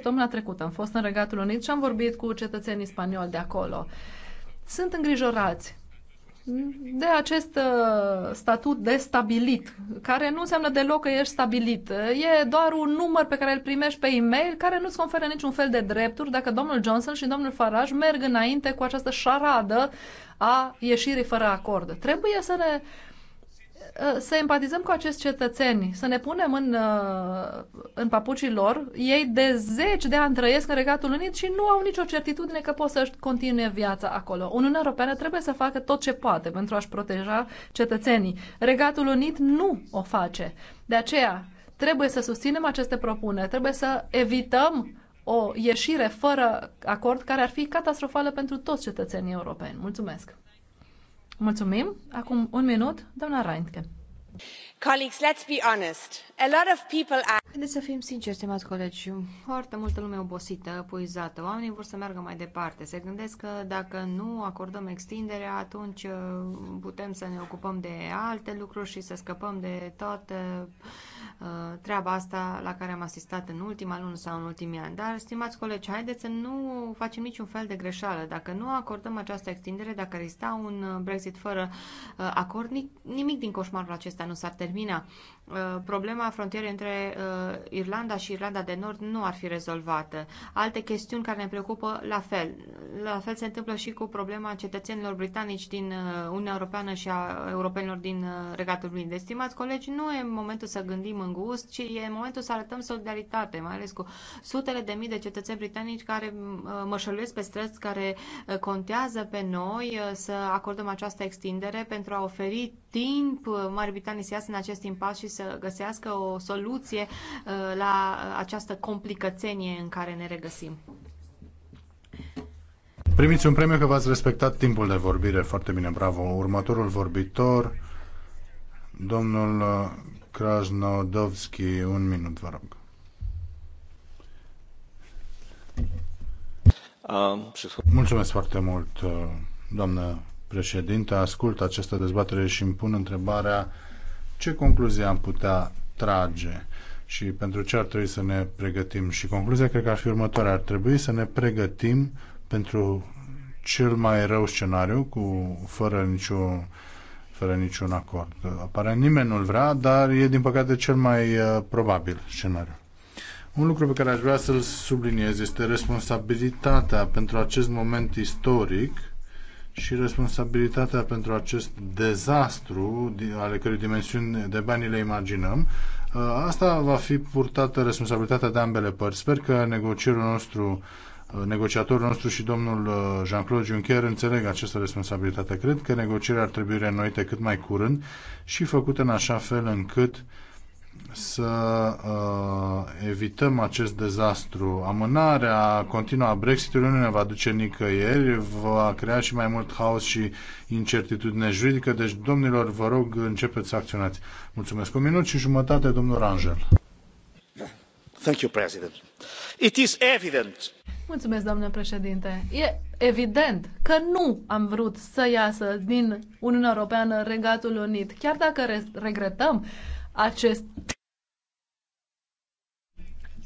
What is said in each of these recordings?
Săptămâna trecută am fost în Regatul Unit și am vorbit cu cetățenii spanioli de acolo. Sunt îngrijorați de acest uh, statut de stabilit, care nu înseamnă deloc că ești stabilit. E doar un număr pe care îl primești pe e-mail, care nu-ți conferă niciun fel de drepturi dacă domnul Johnson și domnul Farage merg înainte cu această șaradă a ieșirii fără acord. Trebuie să ne Uh, să empatizăm cu acești cetățeni, să ne punem în, uh, în papucii lor. Ei de zeci de ani trăiesc în Regatul Unit și nu au nicio certitudine că pot să-și continue viața acolo. Uniunea Europeană trebuie să facă tot ce poate pentru a-și proteja cetățenii. Regatul Unit nu o face. De aceea trebuie să susținem aceste propuneri, trebuie să evităm o ieșire fără acord care ar fi catastrofală pentru toți cetățenii europeni. Mulțumesc! Mulțumim. Acum un minut, doamna Reintke. Haideți să fim sinceri, stimați colegi. Foarte multă lume obosită, puizată. Oamenii vor să meargă mai departe. Se gândesc că dacă nu acordăm extinderea, atunci uh, putem să ne ocupăm de alte lucruri și să scăpăm de toată uh, uh, treaba asta la care am asistat în ultima lună sau în ultimii ani. Dar, stimați colegi, haideți să nu facem niciun fel de greșeală. Dacă nu acordăm această extindere, dacă exista un Brexit fără acord, nimic din coșmarul acesta nu s-ar termina termina Uh, problema frontierei între uh, Irlanda și Irlanda de Nord nu ar fi rezolvată. Alte chestiuni care ne preocupă, la fel. La fel se întâmplă și cu problema cetățenilor britanici din uh, Uniunea Europeană și a europenilor din Regatul Unit. Estimați deci, colegi, nu e momentul să gândim în gust, ci e momentul să arătăm solidaritate, mai ales cu sutele de mii de cetățeni britanici care mășăluiesc pe străzi, care contează pe noi să acordăm această extindere pentru a oferi timp Marii Britanii să iasă în acest impas și să să găsească o soluție uh, la această complicățenie în care ne regăsim. Primiți un premiu că v-ați respectat timpul de vorbire. Foarte bine, bravo. Următorul vorbitor, domnul uh, Krasnodovski, un minut, vă rog. Mulțumesc foarte mult, uh, doamnă președinte. Ascult această dezbatere și îmi pun întrebarea ce concluzie am putea trage și pentru ce ar trebui să ne pregătim? Și concluzia cred că ar fi următoarea. Ar trebui să ne pregătim pentru cel mai rău scenariu cu fără niciun fără niciun acord. Apare nimeni nu-l vrea, dar e din păcate cel mai uh, probabil scenariu. Un lucru pe care aș vrea să-l subliniez este responsabilitatea pentru acest moment istoric și responsabilitatea pentru acest dezastru, ale cărui dimensiuni de bani le imaginăm. Uh, asta va fi purtată responsabilitatea de ambele părți. Sper că negocierul nostru uh, negociatorul nostru și domnul uh, Jean-Claude Juncker înțeleg această responsabilitate. Cred că negocierea ar trebui reînnoite cât mai curând și făcute în așa fel încât uh, să uh, evităm acest dezastru. Amânarea continuă a Brexitului nu ne va duce nicăieri, va crea și mai mult haos și incertitudine juridică, deci, domnilor, vă rog, începeți să acționați. Mulțumesc. Un minut și jumătate, domnul Rangel. Thank you, President. It is evident. Mulțumesc, doamnă președinte. E evident că nu am vrut să iasă din Uniunea Europeană Regatul Unit, chiar dacă regretăm acest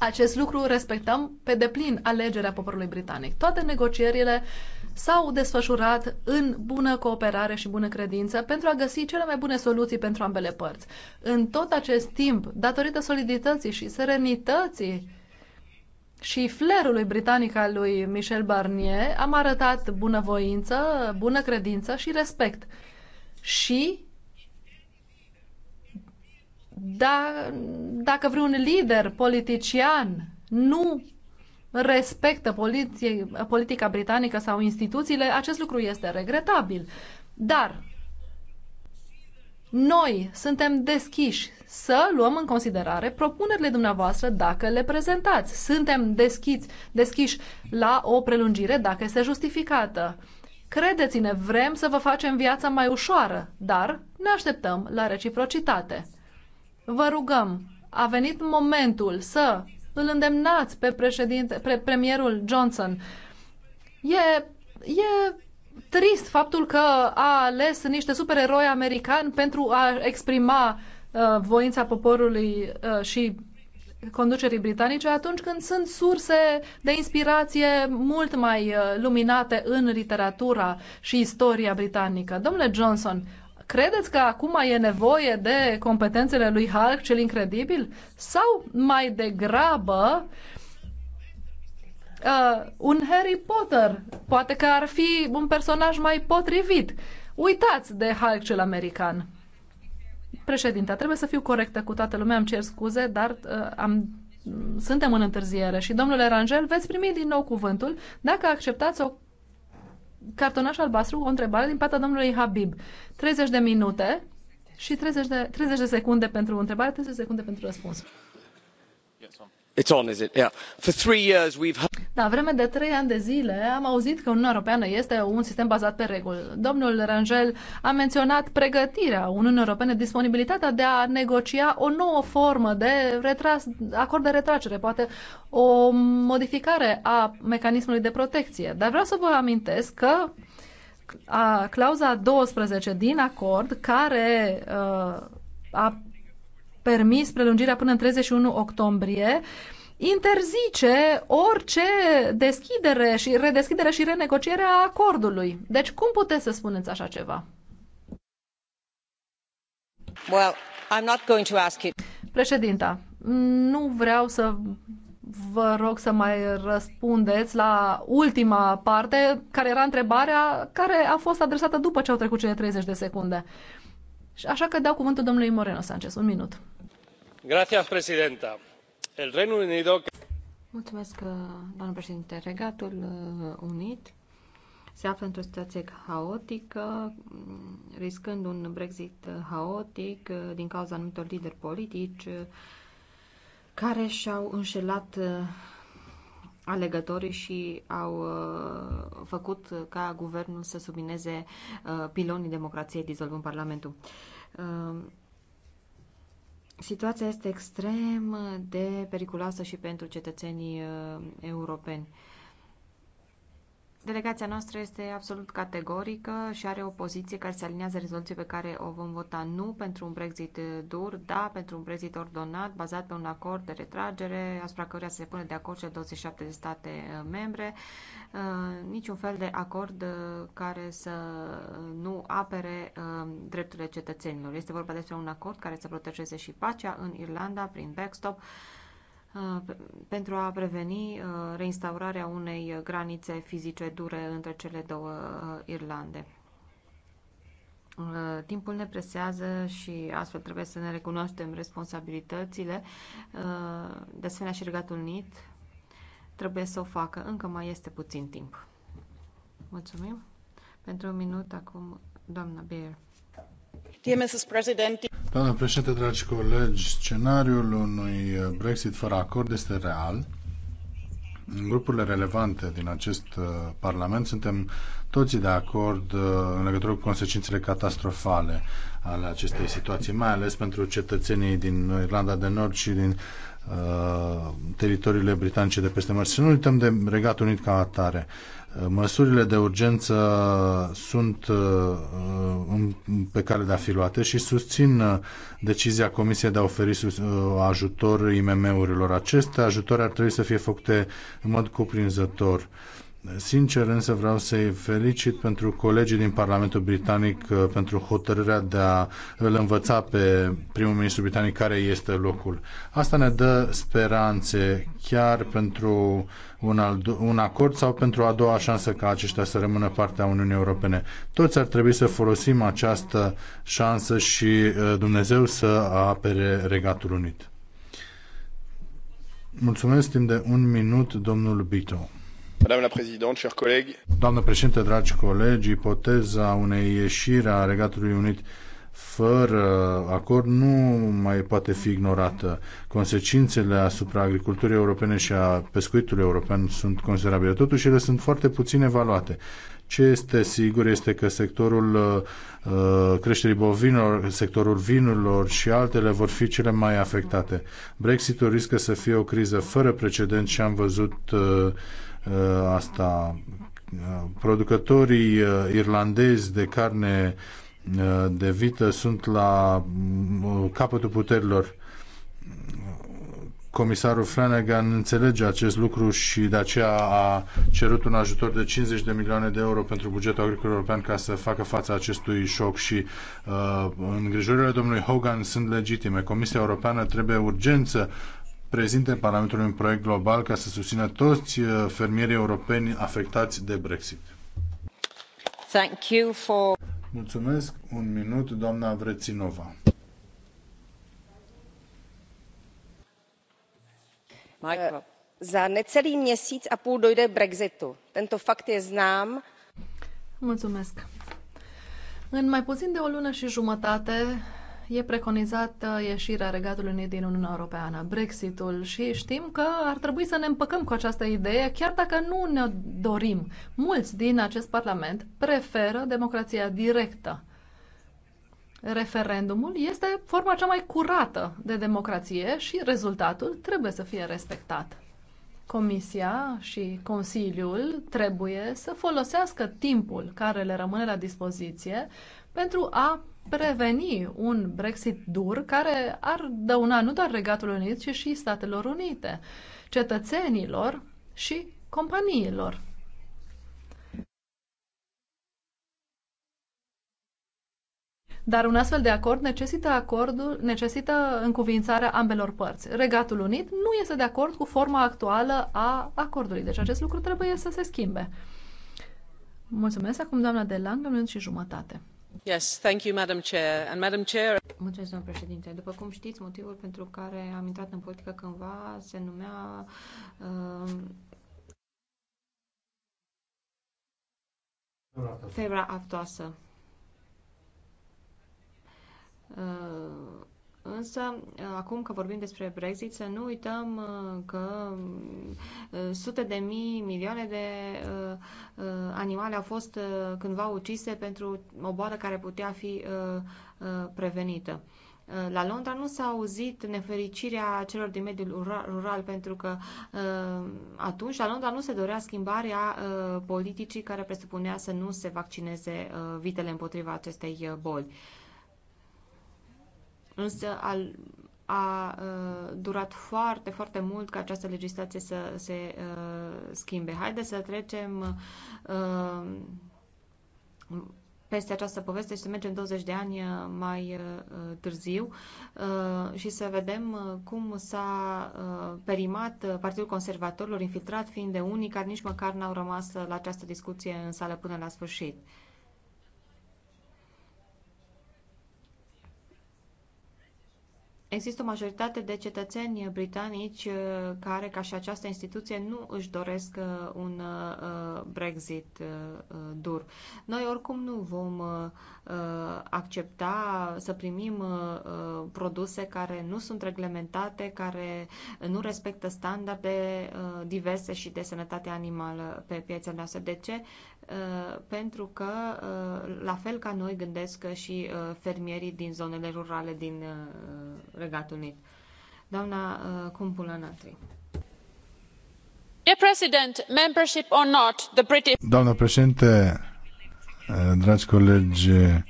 acest lucru respectăm pe deplin alegerea poporului britanic. Toate negocierile s-au desfășurat în bună cooperare și bună credință pentru a găsi cele mai bune soluții pentru ambele părți. În tot acest timp, datorită solidității și serenității și flerului britanic al lui Michel Barnier, am arătat bunăvoință, bună credință și respect. Și da, dacă vreun lider politician nu respectă poliție, politica britanică sau instituțiile, acest lucru este regretabil. Dar noi suntem deschiși să luăm în considerare propunerile dumneavoastră dacă le prezentați. Suntem deschiți, deschiși la o prelungire dacă este justificată. Credeți-ne, vrem să vă facem viața mai ușoară, dar ne așteptăm la reciprocitate. Vă rugăm, a venit momentul să îl îndemnați pe președinte, pe premierul Johnson. E, e trist faptul că a ales niște supereroi americani pentru a exprima uh, voința poporului uh, și conducerii britanice atunci când sunt surse de inspirație mult mai uh, luminate în literatura și istoria britanică. Domnule Johnson, Credeți că acum e nevoie de competențele lui Hulk cel incredibil? Sau mai degrabă uh, un Harry Potter? Poate că ar fi un personaj mai potrivit. Uitați de Hulk cel american. Președinte, trebuie să fiu corectă cu toată lumea, îmi cer scuze, dar uh, am, suntem în întârziere și, domnule Rangel, veți primi din nou cuvântul dacă acceptați o cartonaș albastru, o întrebare din partea domnului Habib. 30 de minute și 30 de, 30 de secunde pentru întrebare, 30 de secunde pentru răspuns. It's on, is it? Yeah. For three years we've dar vreme de trei ani de zile am auzit că Uniunea Europeană este un sistem bazat pe reguli. Domnul Rangel a menționat pregătirea Uniunii Europene, disponibilitatea de a negocia o nouă formă de retras, acord de retragere, poate o modificare a mecanismului de protecție. Dar vreau să vă amintesc că a, clauza 12 din acord, care uh, a permis prelungirea până în 31 octombrie, interzice orice deschidere și redeschidere și renegociere a acordului. Deci cum puteți să spuneți așa ceva? Well, I'm not going to ask it. Președinta, nu vreau să vă rog să mai răspundeți la ultima parte, care era întrebarea care a fost adresată după ce au trecut cele 30 de secunde. Așa că dau cuvântul domnului Moreno Sanchez. Un minut. Grazie, președinta. Mulțumesc, uh, doamnă președinte. Regatul uh, Unit se află într-o situație haotică, mm, riscând un Brexit uh, haotic din cauza anumitor lideri politici care și-au înșelat alegătorii și au făcut ca guvernul să submineze pilonii democrației dizolvând Parlamentul. Situația este extrem de periculoasă și pentru cetățenii uh, europeni. Delegația noastră este absolut categorică și are o poziție care se aliniază rezoluției pe care o vom vota nu pentru un Brexit dur, da, pentru un Brexit ordonat, bazat pe un acord de retragere, asupra căruia se pune de acord cele 27 de state eh, membre, eh, niciun fel de acord eh, care să nu apere drepturile cetățenilor. Este vorba despre un acord care să protejeze și pacea în Irlanda prin backstop, Uh, pentru a preveni uh, reinstaurarea unei granițe fizice dure între cele două uh, Irlande. Timpul ne presează și astfel trebuie să ne recunoaștem responsabilitățile. De asemenea și Regatul Unit trebuie să o facă. Încă mai este puțin timp. Mulțumim. Pentru un minut acum, doamna Beer. Dear Mrs. President, Doamna președinte, dragi colegi, scenariul unui Brexit fără acord este real. În grupurile relevante din acest uh, Parlament suntem toți de acord uh, în legătură cu consecințele catastrofale ale acestei situații, mai ales pentru cetățenii din Irlanda de Nord și din uh, teritoriile britanice de peste mări. Să nu uităm de Regatul Unit ca atare. Măsurile de urgență sunt uh, pe care de a fi luate și susțin uh, decizia Comisiei de a oferi uh, ajutor IMM-urilor. Aceste ajutoare ar trebui să fie făcute în mod cuprinzător. Sincer însă vreau să-i felicit pentru colegii din Parlamentul Britanic uh, pentru hotărârea de a îl învăța pe primul ministru britanic care este locul. Asta ne dă speranțe chiar pentru un, al, un acord sau pentru a doua șansă ca aceștia să rămână partea Uniunii Europene. Toți ar trebui să folosim această șansă și uh, Dumnezeu să apere Regatul Unit. Mulțumesc timp de un minut, domnul Bito. Doamnă președinte, dragi colegi, ipoteza unei ieșiri a Regatului Unit fără acord nu mai poate fi ignorată. Consecințele asupra agriculturii europene și a pescuitului european sunt considerabile. Totuși, ele sunt foarte puțin evaluate. Ce este sigur este că sectorul uh, creșterii bovinilor, sectorul vinurilor și altele vor fi cele mai afectate. Brexitul riscă să fie o criză fără precedent și am văzut uh, Uh, asta. Uh, producătorii uh, irlandezi de carne de vită sunt la capătul puterilor. Comisarul Flanagan înțelege acest lucru și de aceea a cerut un ajutor de 50 de milioane de euro pentru bugetul agricol european ca să facă față acestui șoc și uh, îngrijorările domnului Hogan sunt legitime. Comisia Europeană trebuie urgență prezinte Parlamentului un proiect global ca să susțină toți uh, fermierii europeni afectați de Brexit. Thank you for... Mulțumesc. Un minut, doamna Vreținova. Eh, za necelý měsíc a půl dojde Brexitu. Tento fakt je znám. Mulțumesc. În mai puțin de o lună și jumătate, e preconizată ieșirea Regatului Unit din Uniunea Europeană, Brexitul și știm că ar trebui să ne împăcăm cu această idee, chiar dacă nu ne dorim. Mulți din acest Parlament preferă democrația directă. Referendumul este forma cea mai curată de democrație și rezultatul trebuie să fie respectat. Comisia și Consiliul trebuie să folosească timpul care le rămâne la dispoziție pentru a preveni un Brexit dur care ar dăuna nu doar Regatul Unit, ci și Statelor Unite, cetățenilor și companiilor. Dar un astfel de acord necesită acordul, necesită încuvințarea ambelor părți. Regatul Unit nu este de acord cu forma actuală a acordului, deci acest lucru trebuie să se schimbe. Mulțumesc acum doamna de Lang, minut și jumătate. Yes, thank you, Madam Chair. And Madam Chair... doamnă președintă După cum știți, motivul pentru care am intrat în politică cândva se numea uh, febra aftoasă. Uh, Însă, acum că vorbim despre Brexit, să nu uităm uh, că uh, sute de mii, milioane de uh, animale au fost cândva ucise pentru o boală care putea fi prevenită. La Londra nu s-a auzit nefericirea celor din mediul rural, pentru că atunci la Londra nu se dorea schimbarea politicii care presupunea să nu se vaccineze vitele împotriva acestei boli însă a, a uh, durat foarte, foarte mult ca această legislație să se uh, schimbe. Haideți să trecem uh, peste această poveste și să mergem 20 de ani mai târziu și să vedem cum s-a perimat Partidul Conservatorilor, infiltrat fiind de unii care nici măcar n-au rămas la această discuție în sală până la sfârșit. Există o majoritate de cetățeni britanici uh, care, ca și această instituție, nu își doresc uh, un uh, Brexit dur. Noi oricum nu vom Uh, accepta să primim uh, uh, produse care nu sunt reglementate, care nu respectă standarde diverse și de sănătate animală pe piețele noastre. De ce? Pentru că, la fel ca noi, gândesc și fermierii din zonele rurale din Regatul Unit. Doamna Cumpula Natri. Doamna președinte, Eh, dragi colegi, eh,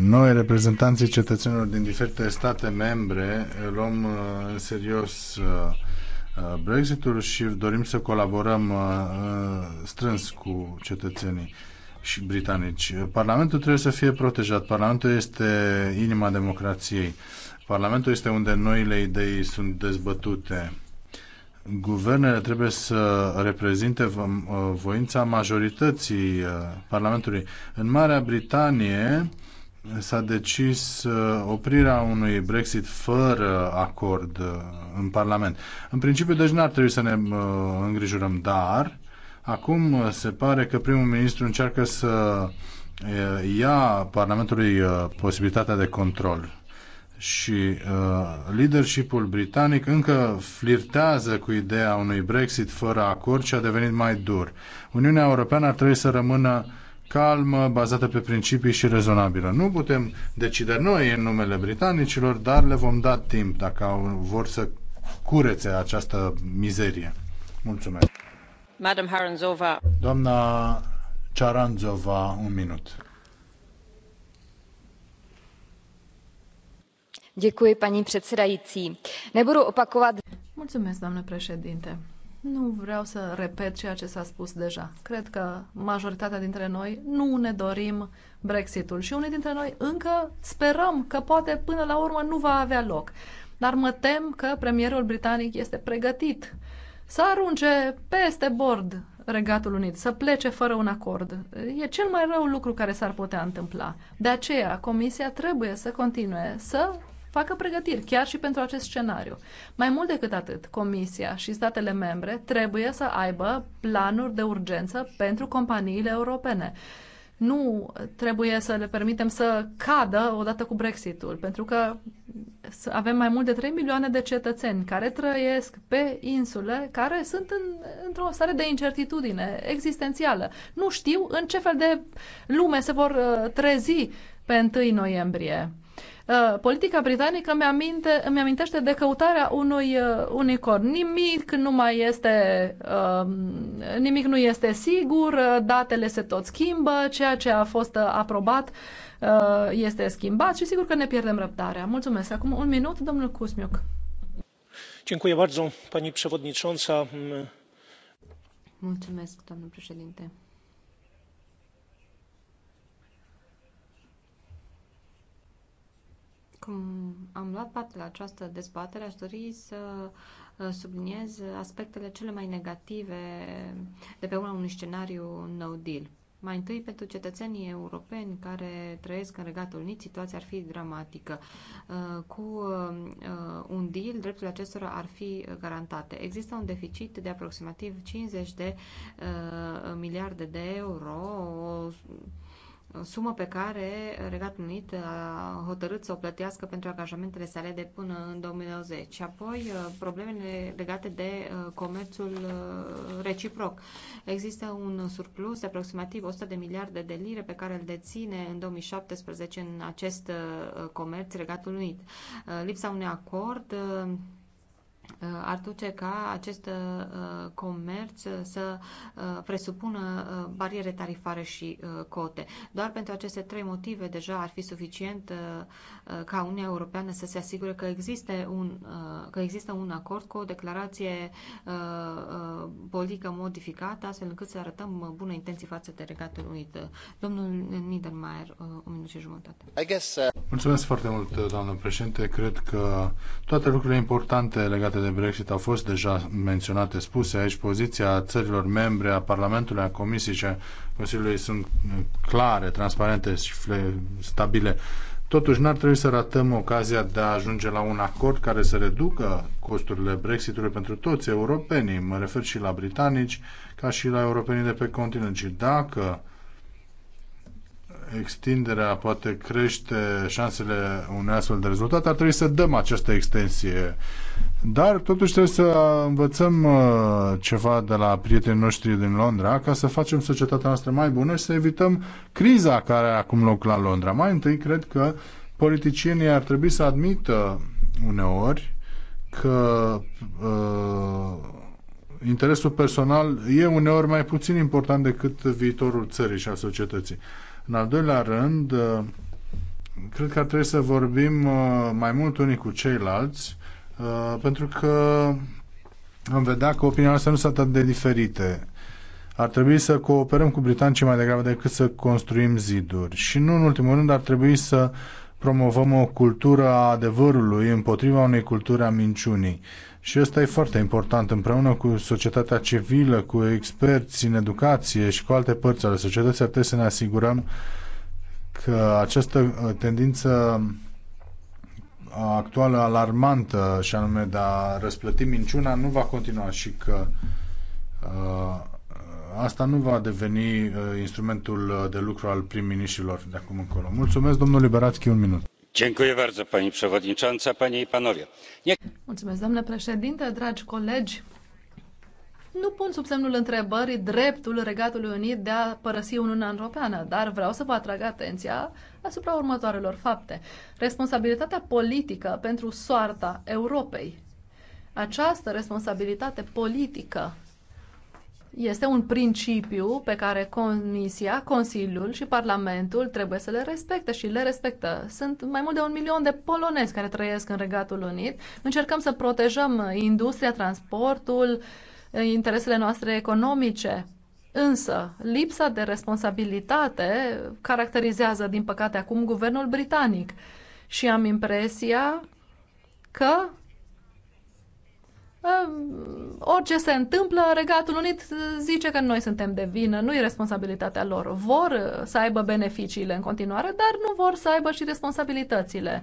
noi, reprezentanții cetățenilor din diferite state membre, eh, luăm în serios Brexitul și dorim să colaborăm strâns cu cetățenii și britanici. Parlamentul trebuie să fie protejat. Parlamentul este inima democrației. Parlamentul este unde noile idei sunt dezbătute guvernele trebuie să reprezinte uh, voința majorității uh, Parlamentului. În Marea Britanie s-a decis uh, oprirea unui Brexit fără acord în Parlament. În principiu, deci n-ar trebui să ne îngrijorăm, dar acum se pare că primul ministru încearcă să ia Parlamentului posibilitatea de control și uh, leadershipul britanic încă flirtează cu ideea unui Brexit fără acord și a devenit mai dur. Uniunea Europeană ar trebui să rămână calmă, bazată pe principii și rezonabilă. Nu putem decide noi în numele britanicilor, dar le vom da timp dacă au, vor să curețe această mizerie. Mulțumesc. Madam Haranzova. Doamna Charanzova, un minut paní předsedající nebudu opakovat. Mulțumesc, doamnă președinte. Nu vreau să repet ceea ce s-a spus deja. Cred că majoritatea dintre noi nu ne dorim Brexitul și unii dintre noi încă sperăm că poate până la urmă nu va avea loc. Dar mă tem că premierul britanic este pregătit să arunce peste bord Regatul Unit, să plece fără un acord. E cel mai rău lucru care s-ar putea întâmpla. De aceea, Comisia trebuie să continue să facă pregătiri chiar și pentru acest scenariu. Mai mult decât atât, Comisia și statele membre trebuie să aibă planuri de urgență pentru companiile europene. Nu trebuie să le permitem să cadă odată cu Brexitul, pentru că avem mai mult de 3 milioane de cetățeni care trăiesc pe insule, care sunt în, într-o stare de incertitudine existențială. Nu știu în ce fel de lume se vor uh, trezi pe 1 noiembrie Uh, politica britanică mi-aminte, îmi amintește de căutarea unui uh, unicorn. Nimic nu mai este, uh, nimic nu este sigur, datele se tot schimbă, ceea ce a fost aprobat este schimbat și sigur că ne pierdem răbdarea. Mulțumesc. Acum un minut, domnul Cusmiuc. Dziękuję bardzo, pani przewodnicząca. Mulțumesc, domnul președinte. cum am luat parte la această dezbatere, aș dori să uh, subliniez aspectele cele mai negative de pe urma unui scenariu no deal. Mai întâi, pentru cetățenii europeni care trăiesc în Regatul Unit, situația ar fi dramatică. Uh, cu uh, un deal, drepturile acestora ar fi garantate. Există un deficit de aproximativ 50 de miliarde de euro, sumă pe care Regatul Unit a hotărât să o plătească pentru angajamentele sale de până în 2020 și apoi uh, problemele legate de uh, comerțul uh, reciproc. Există un surplus de aproximativ 100 de miliarde de lire pe care îl deține în 2017 în acest comerț Regatul Unit. Lipsa unui acord ar duce ca acest uh, comerț uh, să uh, presupună bariere tarifare și cote. Doar pentru aceste trei motive deja ar fi suficient ca Uniunea Europeană să se asigure că există un, că există un acord cu o declarație politică modificată, astfel încât să arătăm bune intenții față de Regatul Unit. Domnul Niedermayer, o minut și jumătate. Guess, uh... Mulțumesc foarte mult, doamnă președinte. Cred că toate lucrurile importante legate de Brexit au fost deja menționate, spuse aici. Poziția țărilor membre, a Parlamentului, a Comisiei și a Consiliului sunt uh, clare, transparente și stabile. Totuși, n-ar trebui să ratăm ocazia de a ajunge la un acord care să reducă costurile Brexitului pentru toți europenii, mă refer și la britanici, ca și la europenii de pe continent. Și dacă extinderea poate crește șansele unui astfel de rezultat, ar trebui să dăm această extensie. Dar totuși trebuie să învățăm uh, ceva de la prietenii noștri din Londra ca să facem societatea noastră mai bună și să evităm criza care are acum loc la Londra. Mai întâi, cred că politicienii ar trebui să admită uneori că uh, interesul personal e uneori mai puțin important decât viitorul țării și a societății. În al doilea rând, uh, cred că trebuie să vorbim uh, mai mult unii cu ceilalți, uh, pentru că am vedea că opiniile noastră nu sunt atât de diferite. Ar trebui să cooperăm cu britanicii mai degrabă decât să construim ziduri. Și nu în ultimul rând ar trebui să promovăm o cultură a adevărului împotriva unei culturi a minciunii. Și ăsta e foarte important, împreună cu societatea civilă, cu experți în educație și cu alte părți ale societății, ar trebui să ne asigurăm că această uh, tendință uh, actuală alarmantă, și anume de a răsplăti minciuna, nu va continua și că uh, asta nu va deveni uh, instrumentul uh, de lucru al prim-ministrilor de acum încolo. Mulțumesc, domnul Liberațchi, un minut. Mulțumesc, domnule președinte, dragi colegi. Nu pun sub semnul întrebării dreptul Regatului Unit de a părăsi Uniunea Europeană, dar vreau să vă atrag atenția asupra următoarelor fapte. Responsabilitatea politică pentru soarta Europei. Această responsabilitate politică este un principiu pe care Comisia, Consiliul și Parlamentul trebuie să le respecte și le respectă. Sunt mai mult de un milion de polonezi care trăiesc în Regatul Unit. Încercăm să protejăm industria, transportul, interesele noastre economice. Însă, lipsa de responsabilitate caracterizează, din păcate, acum guvernul britanic. Și am impresia că orice se întâmplă, Regatul Unit zice că noi suntem de vină, nu e responsabilitatea lor. Vor uh, să aibă beneficiile în continuare, dar nu vor să aibă și responsabilitățile.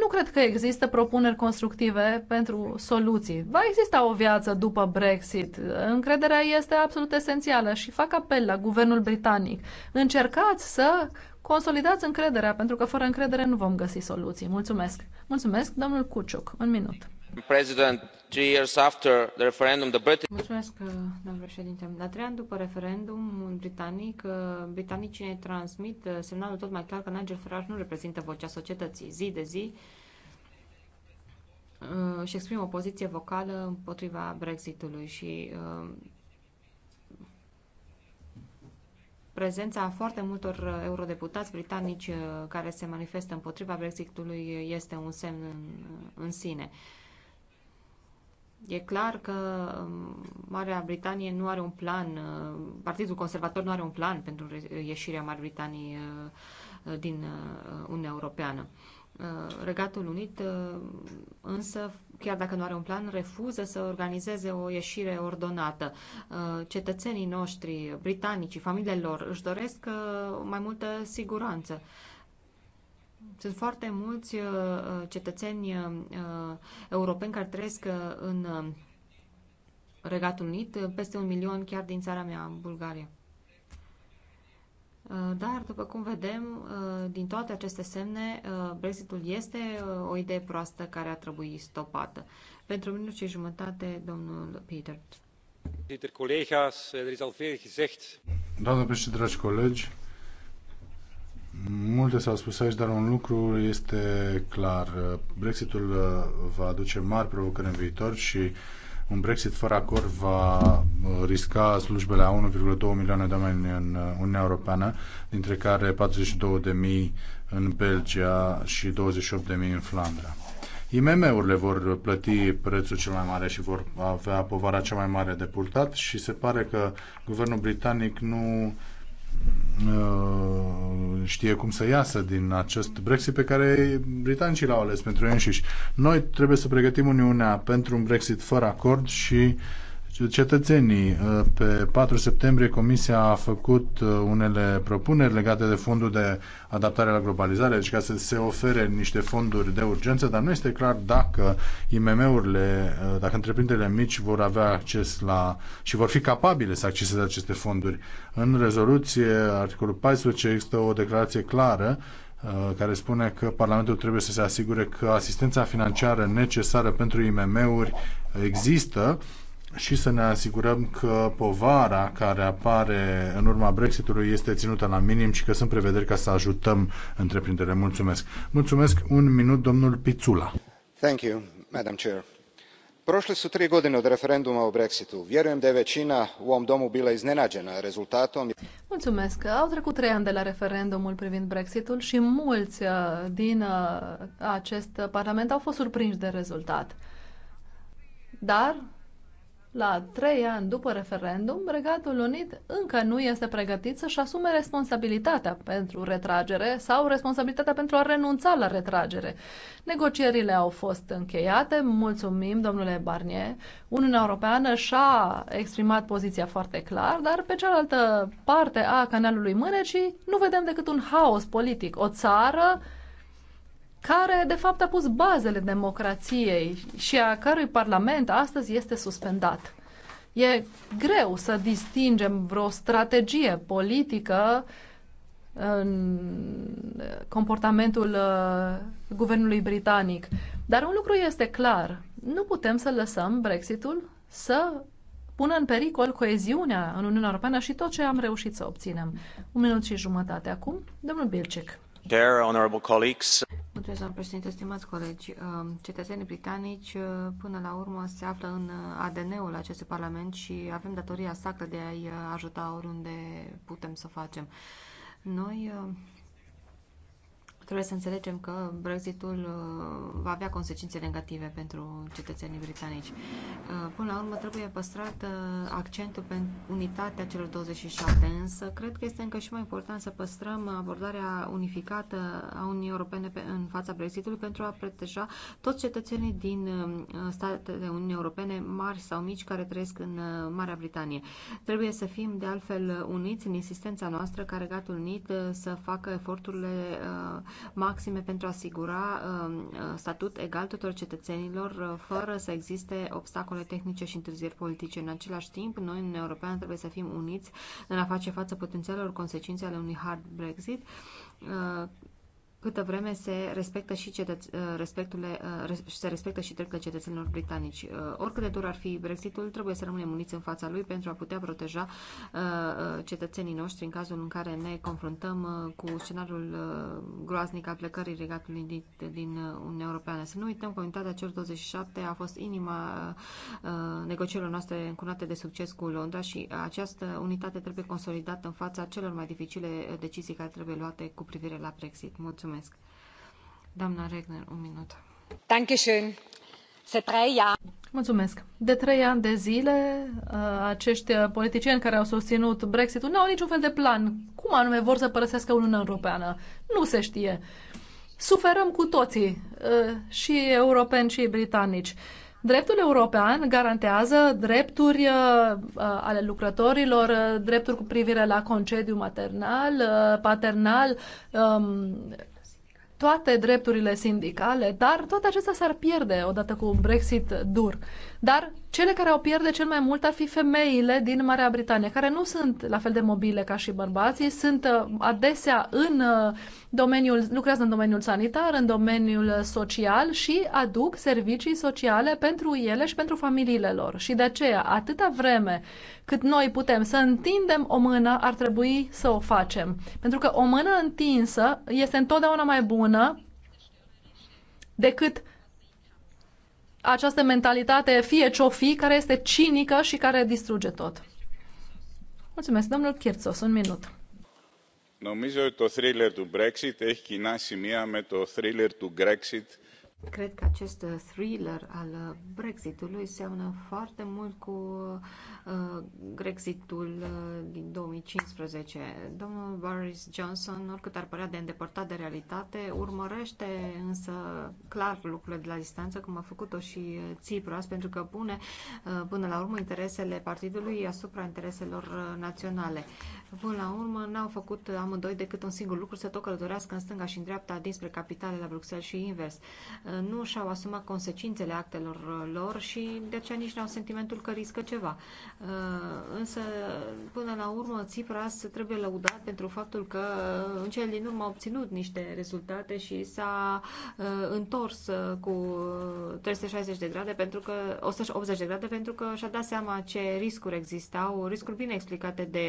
Nu cred că există propuneri constructive pentru soluții. Va exista o viață după Brexit. Încrederea este absolut esențială și fac apel la guvernul britanic. Încercați să consolidați încrederea, pentru că fără încredere nu vom găsi soluții. Mulțumesc. Mulțumesc, domnul Cuciuc. Un minut. Uh, domnule președinte la trei ani după referendumul britanic uh, britanicii transmit uh, semnalul tot mai clar că nigel farage nu reprezintă vocea societății. zi de zi își exprimă o poziție vocală împotriva brexitului și prezența foarte multor eurodeputați britanici care se manifestă împotriva brexitului este un semn în, în sine. E clar că um, Marea Britanie nu are un plan, uh, Partidul Conservator nu are un plan pentru ieșirea Marii Britanii uh, din uh, Uniunea Europeană. Regatul Unit însă, chiar dacă nu are un plan, refuză să organizeze o ieșire ordonată. Cetățenii noștri, britanicii, familiile lor, își doresc mai multă siguranță. Sunt foarte mulți uh, uh, cetățeni uh, europeni care trăiesc în Regatul Unit, peste un milion chiar din țara mea, Bulgaria. Dar, după cum vedem, din toate aceste semne, Brexitul este o idee proastă care ar trebui stopată. Pentru un minut și jumătate, domnul Peter. Doamne președinte, dragi colegi, Multe s-au spus aici, dar un lucru este clar. Brexitul uh, va aduce mari provocări în viitor și un Brexit fără acord va uh, risca slujbele a 1,2 milioane de oameni în uh, Uniunea Europeană, dintre care 42.000 în Belgia și 28.000 în Flandra. IMM-urile vor plăti prețul cel mai mare și vor avea povara cea mai mare de purtat și se pare că guvernul britanic nu uh, știe cum să iasă din acest Brexit pe care britanicii l-au ales pentru ei înșiși. Noi trebuie să pregătim Uniunea pentru un Brexit fără acord și uh, cetățenii. Uh, pe 4 septembrie Comisia a făcut uh, unele propuneri legate de fondul de adaptare la globalizare, deci ca să se ofere niște fonduri de urgență, dar nu este clar dacă IMM-urile, uh, dacă întreprinderile mici vor avea acces la și vor fi capabile să acceseze aceste fonduri. În rezoluție, articolul 14, există o declarație clară care spune că Parlamentul trebuie să se asigure că asistența financiară necesară pentru IMM-uri există și să ne asigurăm că povara care apare în urma Brexitului este ținută la minim și că sunt prevederi ca să ajutăm întreprinderile. Mulțumesc. Mulțumesc. Un minut, domnul Pițula. Thank you, Madam Chair. Prošle su tri godine od referenduma o Brexitu. Vjerujem da je većina u ovom domu bila iznenađena rezultatom. Mulțumesc. Au trecut trei ani de la referendumul privind Brexitul și mulți uh, din uh, acest parlament au fost surprinși de rezultat. Dar la trei ani după referendum, Regatul Unit încă nu este pregătit să-și asume responsabilitatea pentru retragere sau responsabilitatea pentru a renunța la retragere. Negocierile au fost încheiate, mulțumim, domnule Barnier. Uniunea Europeană și-a exprimat poziția foarte clar, dar pe cealaltă parte a canalului Mânecii nu vedem decât un haos politic. O țară care de fapt a pus bazele democrației și a cărui parlament astăzi este suspendat. E greu să distingem vreo strategie politică în comportamentul uh, guvernului britanic. Dar un lucru este clar. Nu putem să lăsăm Brexitul să pună în pericol coeziunea în Uniunea Europeană și tot ce am reușit să obținem. Un minut și jumătate acum, domnul Bilcic. Mulțumesc, doamnă președinte, stimați colegi. Uh, cetățenii britanici, uh, până la urmă, se află în uh, ADN-ul acestui parlament și avem datoria sacră de a-i ajuta oriunde putem să facem. Noi Trebuie să înțelegem că Brexitul uh, va avea consecințe negative pentru cetățenii britanici. Uh, până la urmă trebuie păstrat uh, accentul pe unitatea celor 27, însă cred că este încă și mai important să păstrăm abordarea unificată a Uniunii Europene în fața Brexitului pentru a proteja toți cetățenii din statele Uniunii Europene, mari sau mici, care trăiesc în Marea Britanie. Trebuie să fim de altfel uniți în insistența noastră ca Regatul Unit să facă eforturile maxime pentru a asigura um, uh, statut egal tuturor cetățenilor, uh, fără să existe obstacole tehnice și întârzieri politice. În același timp, noi, în Europeană, trebuie să fim uniți în a face față potențialelor consecințe ale unui hard Brexit uh, câtă vreme se respectă și cetăț- uh, respectule, uh, se respectă și dreptul cetățenilor britanici. Uh, oricât de dur ar fi Brexitul, trebuie să rămânem uniți în fața lui pentru a putea proteja cetățenii noștri în cazul în care ne confruntăm cu scenariul groaznic al plecării Regatului din Uniunea Europeană. Să nu uităm, că unitatea celor 27 a fost inima negocierilor noastre încunate de succes cu Londra și această unitate trebuie consolidată în fața celor mai dificile decizii care trebuie luate cu privire la Brexit. Mulțumesc! Mulțumesc. Doamna Regner, un minut. Dankeschön. Se trăia. Mulțumesc. De trei ani de zile, uh, acești uh, politicieni care au susținut Brexit-ul n-au niciun fel de plan. Cum anume vor să părăsească Uniunea Europeană? Nu se știe. Suferăm cu toții, uh, și europeni și britanici. Dreptul european garantează drepturi ale lucrătorilor, drepturi cu privire la concediu maternal, paternal, um, toate drepturile sindicale, dar toate acestea s-ar pierde odată cu un Brexit dur. Dar cele care au pierde cel mai mult ar fi femeile din Marea Britanie, care nu sunt la fel de mobile ca și bărbații, sunt uh, adesea în uh, domeniul, lucrează în domeniul sanitar, în domeniul uh, social și aduc servicii sociale pentru ele și pentru familiile lor. Și de aceea, atâta vreme cât noi putem să întindem o mână, ar trebui să o facem. Pentru că o mână întinsă este întotdeauna mai bună decât această mentalitate, fie ce-o fi, care este cinică și care distruge tot. Mulțumesc, domnul Chirțos, un minut. Νομίζω ότι το thriller του Brexit έχει κοινά σημεία με το thriller του Grexit Cred că acest uh, thriller al uh, Brexitului seamănă foarte mult cu Brexitul uh, din 2015. Domnul Boris Johnson, oricât ar părea de îndepărtat de realitate, urmărește însă clar lucrurile de la distanță, cum a făcut-o și Tsipras, pentru că pune până la urmă interesele partidului asupra intereselor naționale. Până la urmă, n-au făcut amândoi decât un singur lucru, să tot călătorească în stânga și în dreapta, dinspre capitale la Bruxelles și invers. Nu și-au asumat consecințele actelor lor și de aceea nici n-au sentimentul că riscă ceva. Uh, însă, până la urmă, Tsipras trebuie lăudat pentru faptul că în cel din urmă a obținut niște rezultate și s-a uh, întors uh, cu 360 de grade pentru că 180 de grade pentru că și-a dat seama ce riscuri existau, riscuri bine explicate de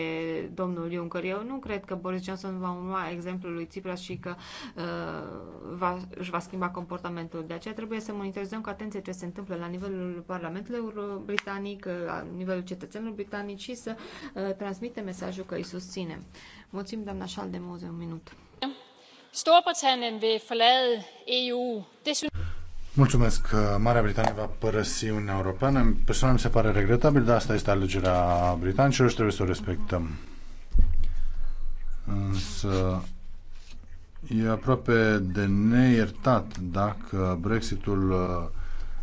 domnul domnul Juncker. Eu nu cred că Boris Johnson va urma exemplul lui Tsipras și că uh, va, își va schimba comportamentul. De aceea trebuie să monitorizăm cu atenție ce se întâmplă la nivelul Parlamentului Britanic, uh, la nivelul cetățenilor britanici și să uh, transmite mesajul că îi susținem. Mulțumim, doamna Șalde, un minut. Storbritannien vil forlade EU. Det synes Mulțumesc. Marea Britanie va părăsi Uniunea Europeană. Personal mi se pare regretabil, dar asta este alegerea britanicilor și trebuie să o respectăm. Însă e aproape de neiertat dacă Brexitul uh,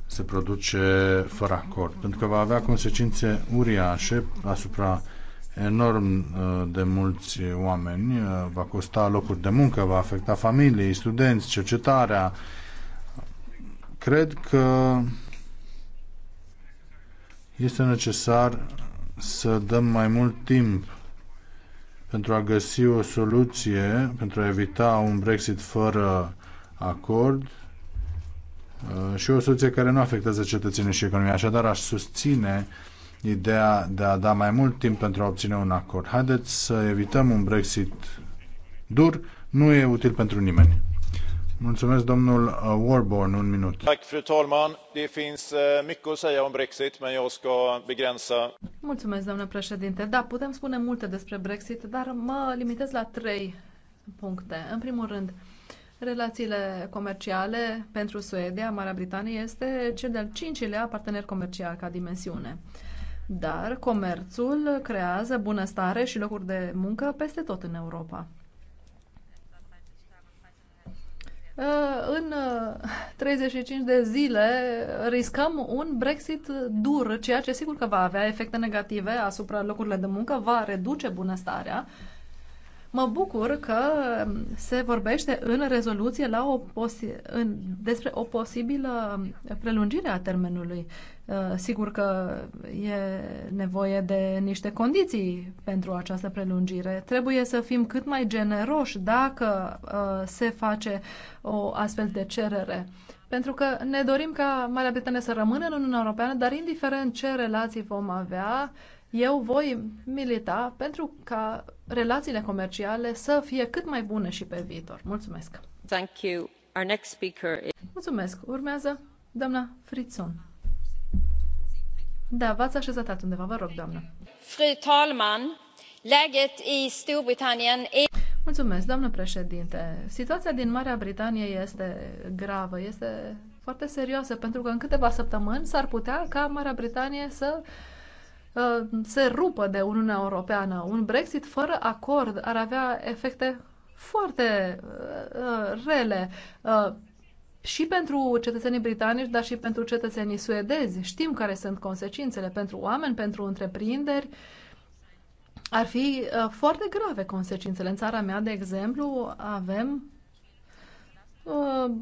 se produce fără acord, pentru că va avea consecințe uriașe asupra enorm uh, de mulți oameni, uh, va costa locuri de muncă, va afecta familii, studenți, cercetarea. Cred că este necesar să dăm mai mult timp pentru a găsi o soluție, pentru a evita un Brexit fără acord uh, și o soluție care nu afectează cetățenii și economia. Așadar, aș susține ideea de a da mai mult timp pentru a obține un acord. Haideți să evităm un Brexit dur, nu e util pentru nimeni domnul uh, Fru talman, det finns uh, mycket att säga om Brexit, men jag ska begränsa. Mulțumesc, domnule președinte. Da, putem spune multe despre Brexit, dar mă limitez la trei puncte. În primul rând, relațiile comerciale pentru Suedia, Marea Britanie, este cel de-al cincilea partener comercial ca dimensiune. Dar comerțul creează bunăstare și locuri de muncă peste tot în Europa. Uh, în 35 uh, de zile riscăm un Brexit dur, ceea ce sigur că va avea efecte negative asupra locurilor de muncă, va reduce bunăstarea Mă bucur că um, se vorbește în rezoluție la o posi- în, despre o posibilă um, prelungire a termenului. Uh, sigur că e nevoie de niște condiții pentru această prelungire. Trebuie să fim cât mai generoși dacă uh, se face o astfel de cerere. Pentru că ne dorim ca Marea Britanie să rămână în Uniunea Europeană, dar indiferent ce relații vom avea, eu voi milita pentru ca relațiile comerciale să fie cât mai bune și pe viitor. Mulțumesc! Thank you. Our next speaker is... Mulțumesc! Urmează doamna Fritzon. Da, v-ați așezat undeva, vă rog, doamnă. Fru talman, läget i Storbritannien e... Mulțumesc, doamnă președinte. Situația din Marea Britanie este gravă, este foarte serioasă, pentru că în câteva săptămâni s-ar putea ca Marea Britanie să uh, Uh, se rupă de Uniunea Europeană. Un Brexit fără acord ar avea efecte foarte uh, uh, rele și pentru cetățenii britanici, dar și pentru cetățenii suedezi. Știm care sunt consecințele pentru oameni, pentru întreprinderi. Ar fi foarte grave consecințele. În țara mea, de exemplu, avem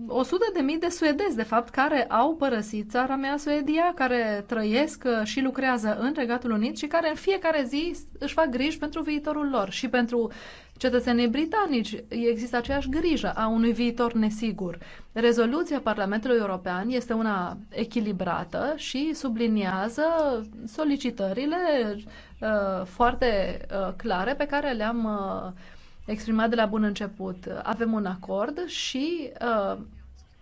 100 uh, de mii de suedezi, de fapt, care au părăsit țara mea, Suedia, care trăiesc uh, și lucrează în Regatul Unit și care în fiecare zi își fac griji pentru viitorul lor și pentru cetățenii britanici. Există aceeași grijă a unui viitor nesigur. Rezoluția Parlamentului European este una echilibrată și subliniază solicitările uh, foarte uh, clare pe care le-am uh, exprimat de la bun început. Avem un acord și uh,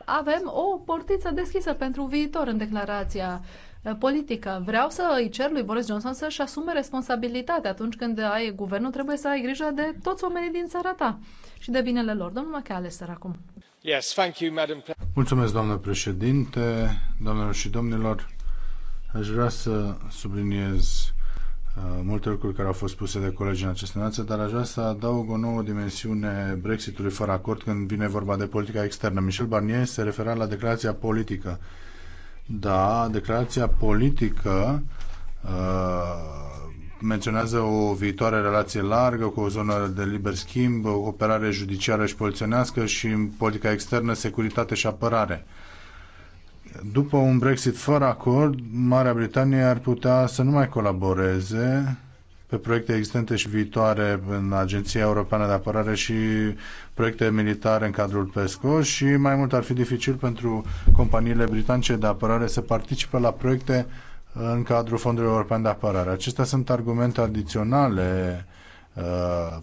avem o portiță deschisă pentru viitor în declarația uh, politică. Vreau să îi cer lui Boris Johnson să-și asume responsabilitatea. Atunci când ai guvernul, trebuie să ai grijă de toți oamenii din țara ta și de binele lor. Domnul McAllister acum. Yes, thank you, Madam Mulțumesc, doamnă președinte, doamnelor și domnilor. Aș vrea să subliniez Uh, multe lucruri care au fost spuse de colegi în această dimineață, dar aș vrea să adaug o nouă dimensiune Brexitului fără acord când vine vorba de politica externă. Michel Barnier se refera la declarația politică. Da, declarația politică uh, menționează o viitoare relație largă cu o zonă de liber schimb, o operare judiciară și poliționească și în politica externă securitate și apărare. Uh, după un Brexit fără acord, Marea Britanie ar putea să nu mai colaboreze pe proiecte existente și viitoare în Agenția Europeană de Apărare și proiecte militare în cadrul PESCO și mai mult ar fi dificil pentru companiile britanice de apărare să participe la proiecte în cadrul Fondului European de Apărare. Acestea sunt argumente adiționale Uh,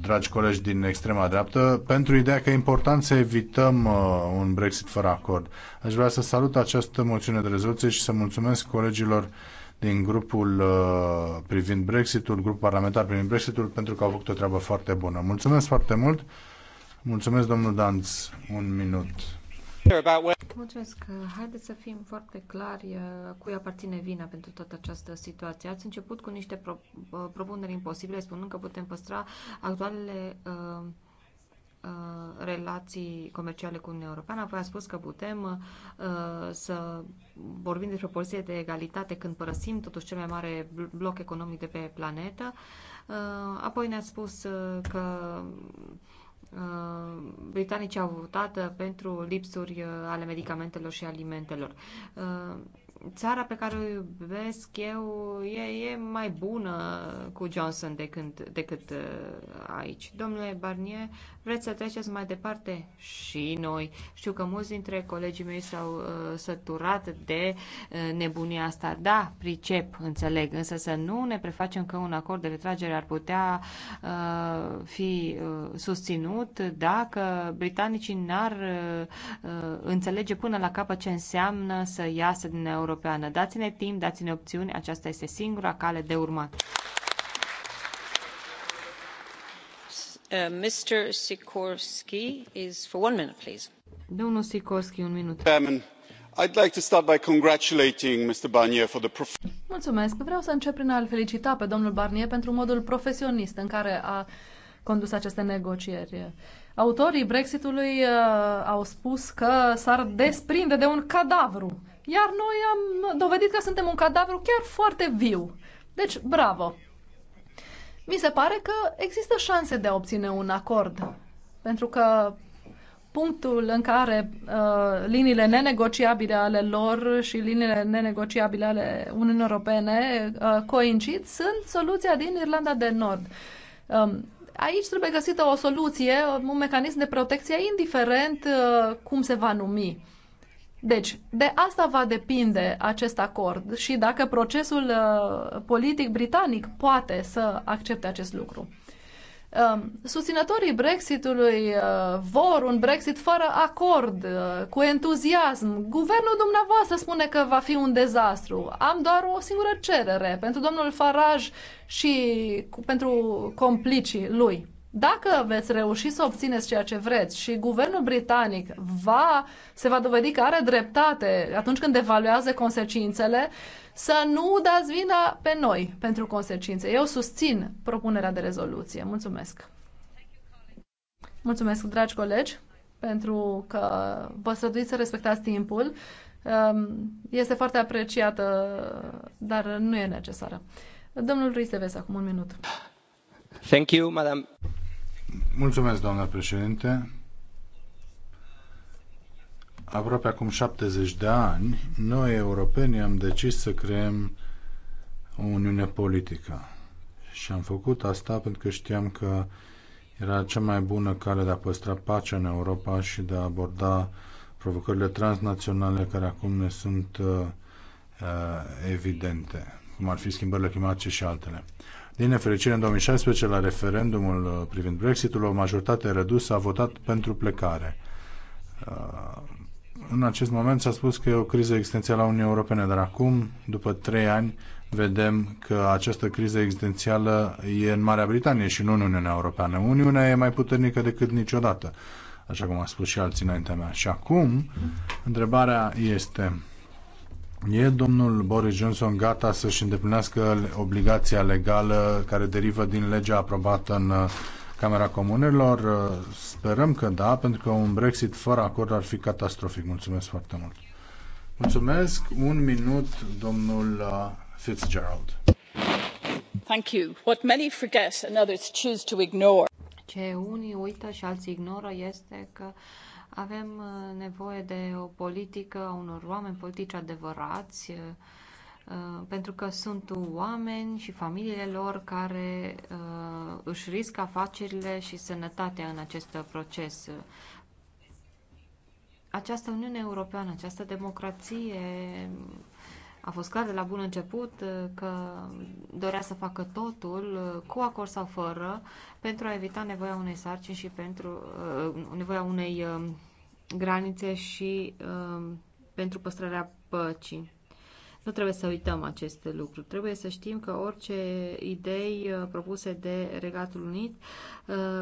dragi colegi din extrema dreaptă, pentru ideea că e important să evităm uh, un Brexit fără acord. Aș vrea să salut această moțiune de rezoluție și să mulțumesc colegilor din grupul uh, privind Brexitul, grupul parlamentar privind Brexitul, pentru că au făcut o treabă foarte bună. Mulțumesc foarte mult! Mulțumesc, domnul Danț. Un minut. Mulțumesc. Haideți să fim foarte clari uh, cui aparține vina pentru toată această situație. Ați început cu niște pro, uh, propuneri imposibile, spunând că putem păstra actualele uh, uh, relații comerciale cu Uniunea Europeană. Apoi a spus că putem uh, să vorbim despre poziție de egalitate când părăsim totuși cel mai mare bloc economic de pe planetă. Uh, apoi ne-a spus uh, că Uh, britanicii au votat uh, pentru lipsuri uh, ale medicamentelor și alimentelor țara pe care o iubesc eu e, e mai bună cu Johnson decât, decât uh, aici. Domnule Barnier, vreți să treceți mai departe? Și noi. Știu că mulți dintre colegii mei s-au uh, săturat de uh, nebunia asta. Da, pricep, înțeleg, însă să nu ne prefacem că un acord de retragere ar putea uh, fi uh, susținut dacă britanicii n-ar uh, uh înțelege până la capăt ce înseamnă să iasă din Europa Europeană. Dați-ne timp, dați-ne opțiuni, aceasta este singura cale de urmat. Uh, Mr. Sikorski is for one minute, please. Domnul Sikorski, un minut. Chairman, I'd like to start by congratulating Mr. Barnier for the Mulțumesc. Vreau să încep prin a-l felicita pe domnul Barnier pentru modul profesionist în care a condus aceste negocieri. Autorii Brexitului uh, au spus că s-ar desprinde de un cadavru iar noi am dovedit că suntem un cadavru chiar foarte viu. Deci, bravo! Mi se pare că există șanse de a obține un acord. Pentru că punctul în care uh, liniile nenegociabile ale lor și liniile nenegociabile ale Uniunii Europene uh, coincid sunt soluția din Irlanda de Nord. Um, uh, aici trebuie găsită o soluție, un mecanism de protecție, indiferent uh, cum se va numi. Deci, de asta va depinde acest acord și dacă procesul uh, politic britanic poate să accepte acest lucru. Um, susținătorii Brexitului uh, vor un Brexit fără acord, uh, cu entuziasm. Guvernul dumneavoastră spune că va fi un dezastru. Am doar o singură cerere pentru domnul Farage și pentru complicii lui. Dacă veți reuși să obțineți ceea ce vreți și guvernul britanic va, se va dovedi că are dreptate atunci când evaluează consecințele, să nu dați vina pe noi pentru consecințe. Eu susțin propunerea de rezoluție. Mulțumesc! Mulțumesc, dragi colegi, pentru că vă străduiți să respectați timpul. Um, este foarte apreciată, dar nu e necesară. Domnul Ruiz Teves, acum un minut. Thank you, madam. Mulțumesc, doamna președinte. Aproape acum 70 de ani, noi europeni am decis să creăm o uniune politică. Și am făcut asta pentru că știam că era cea mai bună cale de a păstra pacea în Europa și de a aborda provocările transnaționale care acum ne sunt uh, uh evidente, cum ar fi schimbările climatice și altele. Din nefericire, în 2016, la referendumul uh, privind Brexitul, o majoritate redusă a votat pentru plecare. Uh, în acest moment s-a spus că e o criză existențială a Uniunii Europene, dar acum, după trei ani, vedem că această criză existențială e în Marea Britanie și nu în Uniunea Europeană. Uniunea e mai puternică decât niciodată, așa cum a spus și alții înaintea mea. Și acum, întrebarea este E domnul Boris Johnson gata să-și îndeplinească obligația legală care derivă din legea aprobată în uh, Camera Comunelor? Uh, sperăm că da, pentru că un Brexit fără acord ar fi catastrofic. Mulțumesc foarte mult. Mulțumesc. Un minut, domnul uh, Fitzgerald. Thank you. What many forget and others choose to ignore. Ce unii uită și alții ignoră este că uh, avem uh, nevoie de o politică a unor oameni politici adevărați, uh, pentru că sunt oameni și familiile lor care uh, își riscă afacerile și sănătatea în acest proces. Această Uniune Europeană, această democrație a fost clar de la bun început uh, că dorea să facă totul, uh, cu acord sau fără, pentru a evita nevoia unei sarcini și pentru uh, nevoia unei granițe și pentru păstrarea păcii. Nu trebuie să uităm aceste lucruri. Trebuie să știm că orice idei uh, propuse de Regatul Unit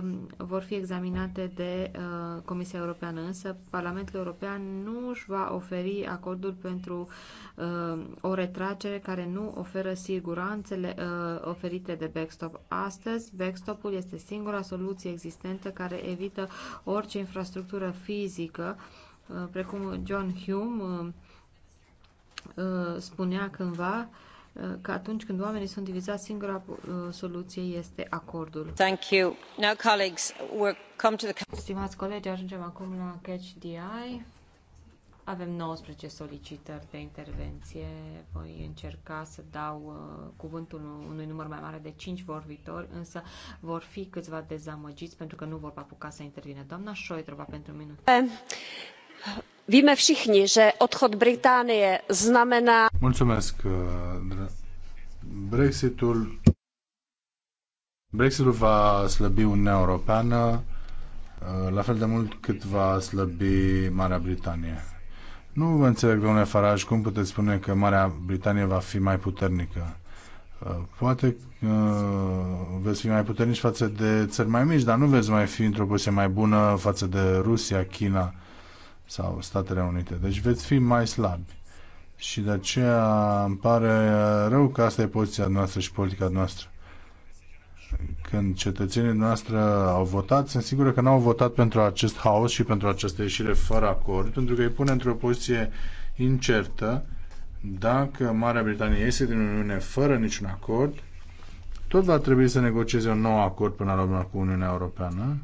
um, vor fi examinate de uh, Comisia Europeană, însă Parlamentul European nu își va oferi acordul pentru uh, o retragere care nu oferă siguranțele oferite de backstop. Astăzi, backstop-ul este singura soluție existentă care evită orice infrastructură fizică, precum John Hume, Uh, spunea cândva uh, că atunci când oamenii sunt divizați, singura uh, soluție este acordul. Thank you. Now, colleagues, we're come to the... Stimați colegi, ajungem acum la Catch the Eye. Avem 19 solicitări de intervenție. Voi încerca să dau uh, cuvântul unui număr mai mare de 5 vorbitori, însă vor fi câțiva dezamăgiți pentru că nu vor apuca să intervine. Doamna Șoitrova, pentru minut. Um. Víme všichni, že odchod Británie znamená... Mulțumesc. Uh, Brexitul Brexitul va slăbi Uniunea Europeană uh, la fel de mult cât va slăbi Marea Britanie. Nu vă înțeleg, domnule Farage, cum puteți spune că Marea Britanie va fi mai puternică. Uh, poate uh, veți fi mai puternici față de țări mai mici, dar nu veți mai fi într-o poziție mai bună față de Rusia, China sau Statele Unite. Deci veți fi mai slabi. Și de aceea îmi pare rău că asta e poziția noastră și politica noastră. Când cetățenii noastre au votat, sunt sigură că n-au votat pentru acest haos și pentru această ieșire fără acord, pentru că îi pune într-o poziție incertă dacă Marea Britanie iese din Uniune fără niciun acord, tot va trebui să negocieze un nou acord până la urmă cu Uniunea Europeană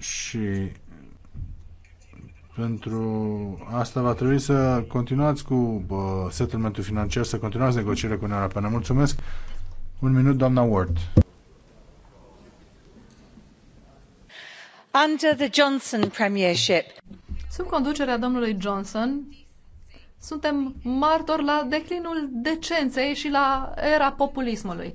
și pentru asta va trebui să continuați cu uh, settlementul financiar, să continuați negocierile cu Uniunea Europeană. Mulțumesc. Un minut, doamna Ward. Under the Johnson premiership. Sub conducerea domnului Johnson, suntem martori la declinul decenței și la era populismului.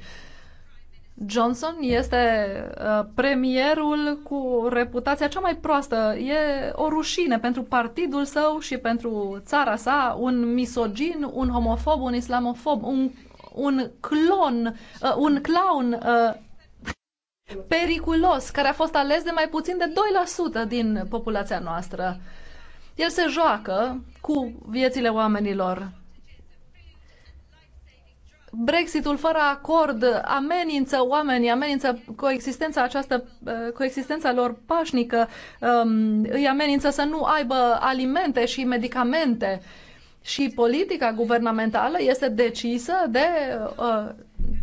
Johnson este ă, premierul cu reputația cea mai proastă. E o rușine pentru partidul său și pentru țara sa, un misogin, un homofob, un islamofob, un, un clon, ă, un clown ă, periculos, care a fost ales de mai puțin de 2% din populația noastră. El se joacă cu viețile oamenilor Brexitul fără acord amenință oamenii, amenință coexistența, această, eh, coexistența lor pașnică, ehm, îi amenință să nu aibă alimente și medicamente. Și politica guvernamentală este decisă de uh,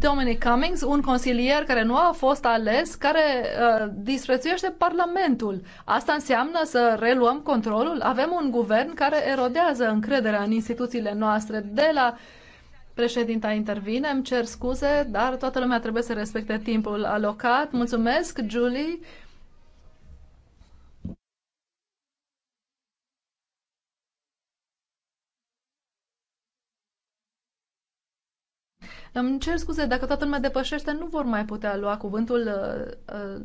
Dominic Cummings, un consilier care nu a fost ales, care uh, disprețuiește Parlamentul. Asta înseamnă să reluăm controlul? Avem un guvern care erodează încrederea în instituțiile noastre de la uh, Președinta intervine, îmi cer scuze, dar toată lumea trebuie să respecte timpul alocat. Mulțumesc, Julie. Îmi cer scuze, dacă toată lumea depășește, nu vor mai putea lua cuvântul uh,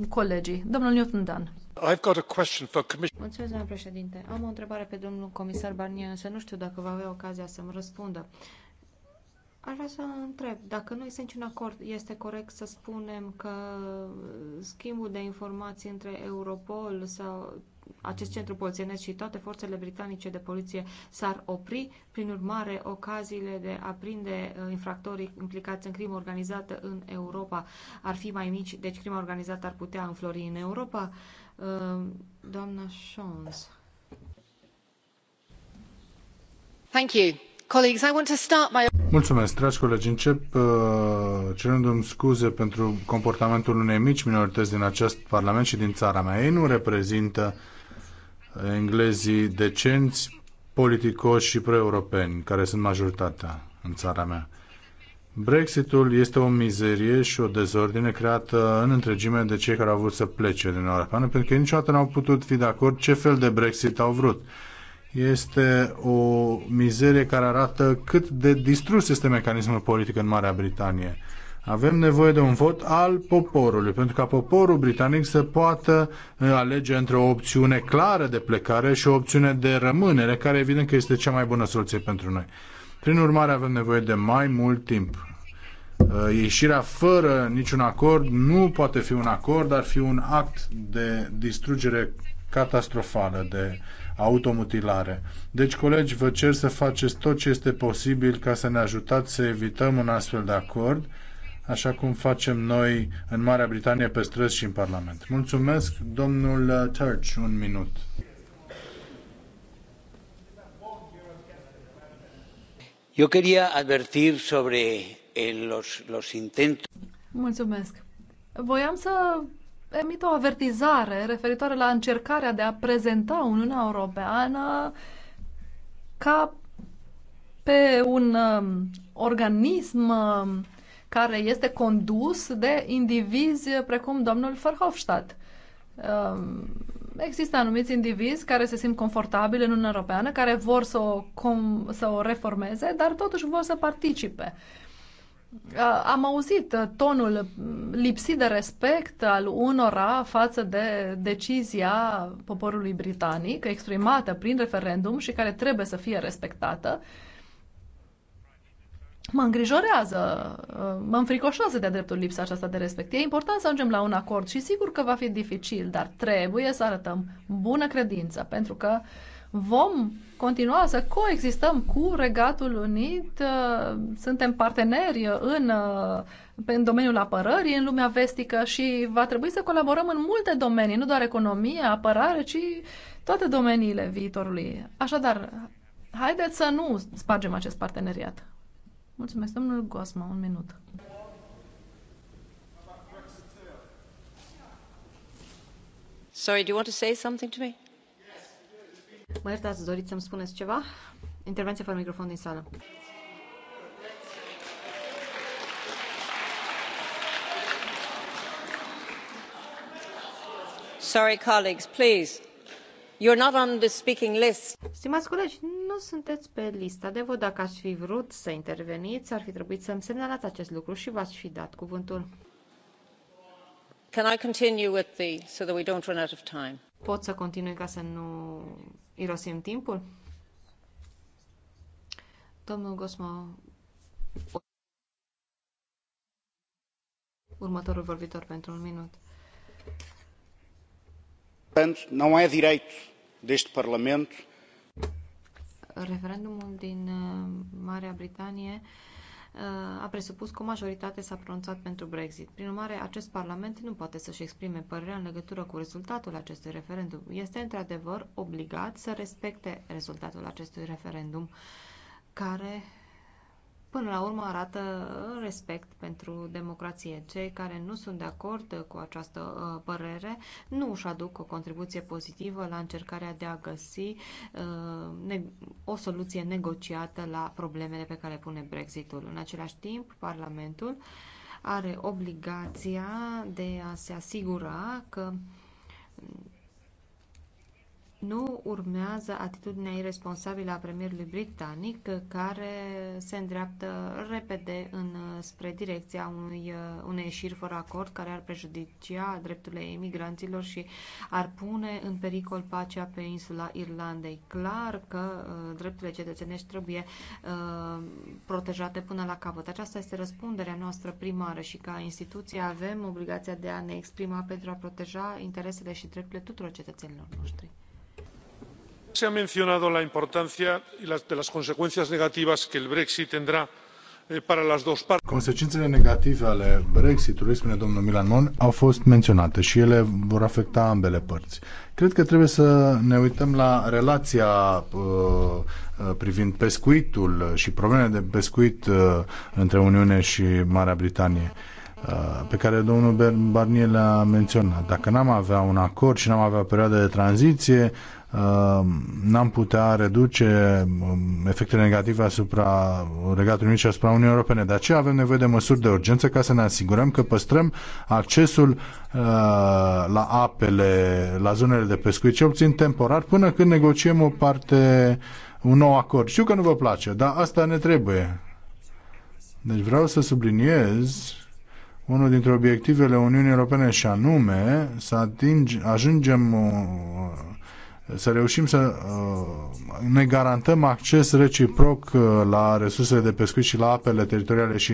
uh, colegii. Domnul Newton Dan. I've got a question for commission. Mulțumesc, doamnă președinte. Am o întrebare pe domnul comisar Barnier, însă nu știu dacă va avea ocazia să-mi răspundă. Uh, Aș vrea să întreb, dacă nu există niciun acord, este corect să spunem că schimbul de informații între Europol sau acest centru polițienesc și toate forțele britanice de poliție s-ar opri, prin urmare, ocaziile de a prinde uh, infractorii implicați în crimă organizată în Europa ar fi mai mici, deci crima organizată ar putea înflori în Europa. Uh, doamna Shons. Thank you Mulțumesc, dragi colegi. Încep uh, cerându-mi scuze pentru comportamentul unei mici minorități din acest Parlament și din țara mea. Ei nu reprezintă englezii decenți, politicoși și pro-europeni, care sunt majoritatea în țara mea. Brexitul este o mizerie și o dezordine creată în întregime de cei care au vrut să plece din Europa, pentru că niciodată n-au putut fi de acord ce fel de Brexit au vrut este o mizerie care arată cât de distrus este mecanismul politic în Marea Britanie. Avem nevoie de un vot al poporului, pentru ca poporul britanic să poată uh, alege între o opțiune clară de plecare și o opțiune de rămânere, care evident că este cea mai bună soluție pentru noi. Prin urmare, avem nevoie de mai mult timp. Uh, ieșirea fără niciun acord nu poate fi un acord, dar fi un act de distrugere catastrofală de automutilare. Deci, colegi, vă cer să faceți tot ce este posibil ca să ne ajutați să evităm un astfel de acord, așa cum facem noi în Marea Britanie pe străzi și în Parlament. Mulțumesc, domnul Turch un minut. Eu quería advertir sobre los, los intentos. Mulțumesc. Voiam să emit o avertizare referitoare la încercarea de a prezenta Uniunea Europeană ca pe un um, organism um, care este condus de indivizi precum domnul Verhofstadt. Um, există anumiți indivizi care se simt confortabili în Uniunea Europeană, care vor să o, com, să o reformeze, dar totuși vor să participe. Uh, Uh, am auzit uh, tonul lipsit de respect al unora față de decizia poporului britanic exprimată prin referendum și care trebuie să fie respectată. Mă îngrijorează, uh, mă înfricoșează de-a dreptul lipsa aceasta de respect. E important să ajungem la un acord și sigur că va fi dificil, dar trebuie să arătăm bună credință, pentru că uh, vom continua să coexistăm cu Regatul Unit, uh, suntem parteneri în, uh, în domeniul apărării, în lumea vestică și va trebui să colaborăm în multe domenii, nu doar economie, apărare, ci toate domeniile viitorului. Așadar, haideți să nu spargem acest parteneriat. Mulțumesc, domnul Gosma, un minut. Sorry, do you want to say something to me? Mă iertați, doriți să-mi spuneți ceva? Intervenție fără microfon din sală. Sorry, colleagues, please. You're not on the speaking list. Stimați colegi, nu sunteți pe lista de vot. Dacă ați fi vrut să interveniți, ar fi trebuit să-mi semnalați acest lucru și v-ați fi dat cuvântul. Can I continue with the so that we don't run out of time? Pot să continui ca să nu irosim timpul? Domnul Gosmo, următorul vorbitor pentru un minut. Portanto, não é direito deste Parlamento. Referendumul din uh, Marea Britanie uh, Uh, a presupus că o majoritate s-a pronunțat pentru Brexit. Prin urmare, acest Parlament nu poate să-și exprime părerea în legătură cu rezultatul acestui referendum. Este într-adevăr obligat să respecte rezultatul acestui referendum care până la urmă arată respect pentru democrație. Cei care nu sunt de acord cu această uh, părere nu își aduc o contribuție pozitivă la încercarea de a găsi uh, o soluție negociată la problemele pe care le pune Brexitul. În același timp, Parlamentul are obligația de a se asigura că nu urmează atitudinea irresponsabilă a premierului britanic, care se îndreaptă repede în, spre direcția unui, unei ieșiri fără acord, care ar prejudicia drepturile emigranților și ar pune în pericol pacea pe insula Irlandei. Clar că uh, drepturile cetățenești trebuie uh, protejate până la capăt. Aceasta este răspunderea noastră primară și ca instituție avem obligația de a ne exprima pentru a proteja interesele și drepturile tuturor cetățenilor noștri se ha mencionado la importancia de las consecuencias negativas que el brexit tendrá eh, para las dos partes. Consecințele negative ale Brexitului, spune domnul Milan Mon, au fost menționate și ele vor afecta ambele părți. Cred că trebuie să ne uităm la relația uh, uh privind pescuitul și problemele de pescuit uh, între Uniune și Marea Britanie uh, pe care domnul Barnier le-a menționat. Dacă n-am avea un acord și n-am avea o perioadă de tranziție, n-am putea reduce um, efectele negative asupra Regatului Unit și asupra Uniunii Europene. De aceea avem nevoie de măsuri de urgență ca să ne asigurăm că păstrăm accesul uh, la apele, la zonele de pescuit, cel puțin temporar, până când negociem o parte, un nou acord. Știu că nu vă place, dar asta ne trebuie. Deci vreau să subliniez unul dintre obiectivele Uniunii Europene și anume să ating, ajungem uh, să reușim să uh, ne garantăm acces reciproc uh, la resursele de pescuit și la apele teritoriale și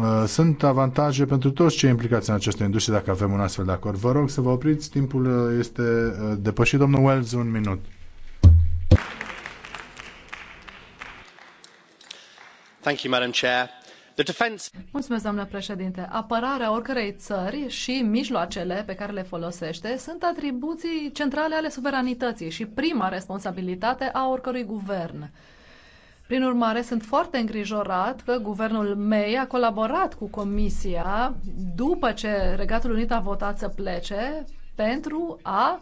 uh, sunt avantaje pentru toți cei implicați în această industrie dacă avem un astfel de acord. Vă rog să vă opriți, timpul este depășit. Domnul Wells, un minut. Thank you, Madam Chair. Mulțumesc, doamnă președinte. Apărarea oricărei țări și mijloacele pe care le folosește sunt atribuții centrale ale suveranității și prima responsabilitate a oricărui guvern. Prin urmare, sunt foarte îngrijorat că guvernul May a colaborat cu Comisia după ce Regatul Unit a votat să plece pentru a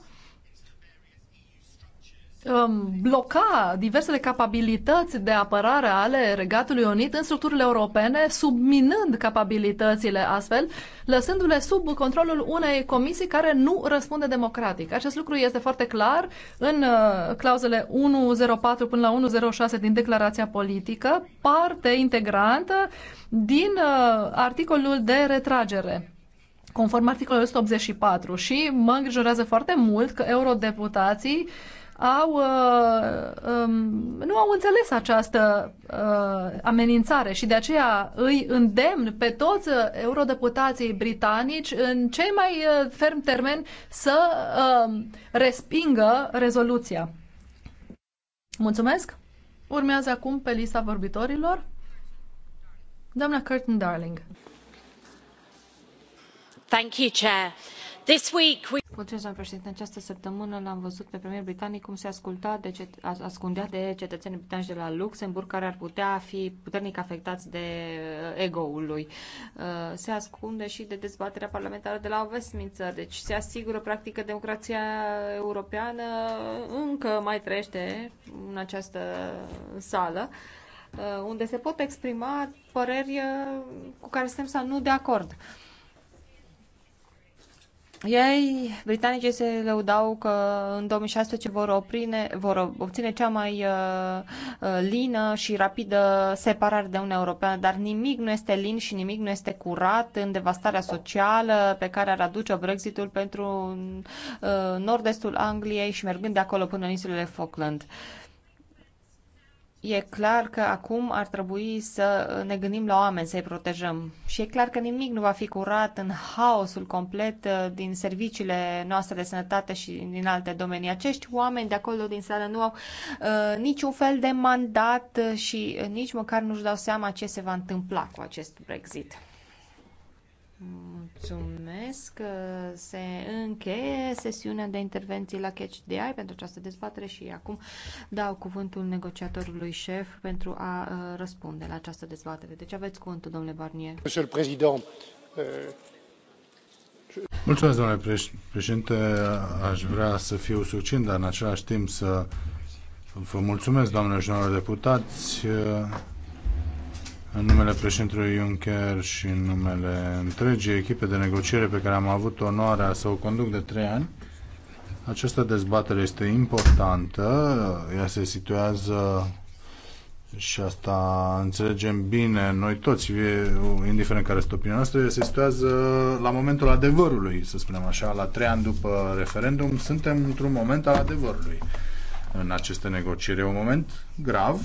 Um, bloca diversele capabilități de apărare ale Regatului Unit în structurile europene, subminând capabilitățile astfel, lăsându-le sub controlul unei comisii care nu răspunde democratic. Acest lucru este foarte clar în uh, clauzele 104 până la 106 din declarația politică, parte integrantă din uh, articolul de retragere conform articolului 184 și mă îngrijorează foarte mult că eurodeputații uh, au, uh, um, nu au înțeles această uh, amenințare și de aceea îi îndemn pe toți uh, eurodeputații britanici în cei mai uh, ferm termen să uh, respingă rezoluția. Mulțumesc! Urmează acum pe lista vorbitorilor doamna Curtin Darling. Thank you, Chair. Mulțumesc, președinte. În această săptămână l-am văzut pe premier britanic cum se asculta de cet- ascundea de cetățenii britanici de la Luxemburg, care ar putea fi puternic afectați de uh, ego-ul lui. Uh, se ascunde și de dezbaterea parlamentară de la Westminster, deci se asigură practic că democrația europeană încă mai trăiește în această sală uh, unde se pot exprima păreri cu care suntem sau nu de acord. Uh, ei, britanicii se lăudau că în 2016 vor, oprine, vor obține cea mai uh, uh, lină și rapidă separare de Uniunea Europeană, dar nimic nu este lin și nimic nu este curat în devastarea socială pe care ar aduce Brexitul pentru uh, nord-estul Angliei și mergând de acolo până în insulele Falkland. Uh, E clar că acum ar trebui să ne gândim la oameni, să-i protejăm. Și e clar că nimic nu va fi curat în haosul complet uh, din serviciile noastre de sănătate și din alte domenii. Acești oameni de acolo din sală nu au uh, niciun fel de mandat și uh, nici măcar nu-și dau seama ce se va întâmpla cu acest Brexit. Mulțumesc. Se încheie sesiunea de intervenții la Catch the Eye pentru această dezbatere și acum dau cuvântul negociatorului șef pentru a uh, răspunde la această dezbatere. Deci aveți cuvântul, domnule Barnier. Uh, mulțumesc, domnule președinte. Aș vrea să fiu succint, dar în același timp să vă mulțumesc, doamne și deputați în numele președintelui Juncker și în numele întregii echipe de negociere pe care am avut onoarea să o conduc de trei ani. Această dezbatere este importantă, ea se situează și asta înțelegem bine noi toți, indiferent care este opinia noastră, se situează la momentul adevărului, să spunem așa, la trei ani după referendum, suntem într-un moment al adevărului în aceste negocieri. E un moment grav,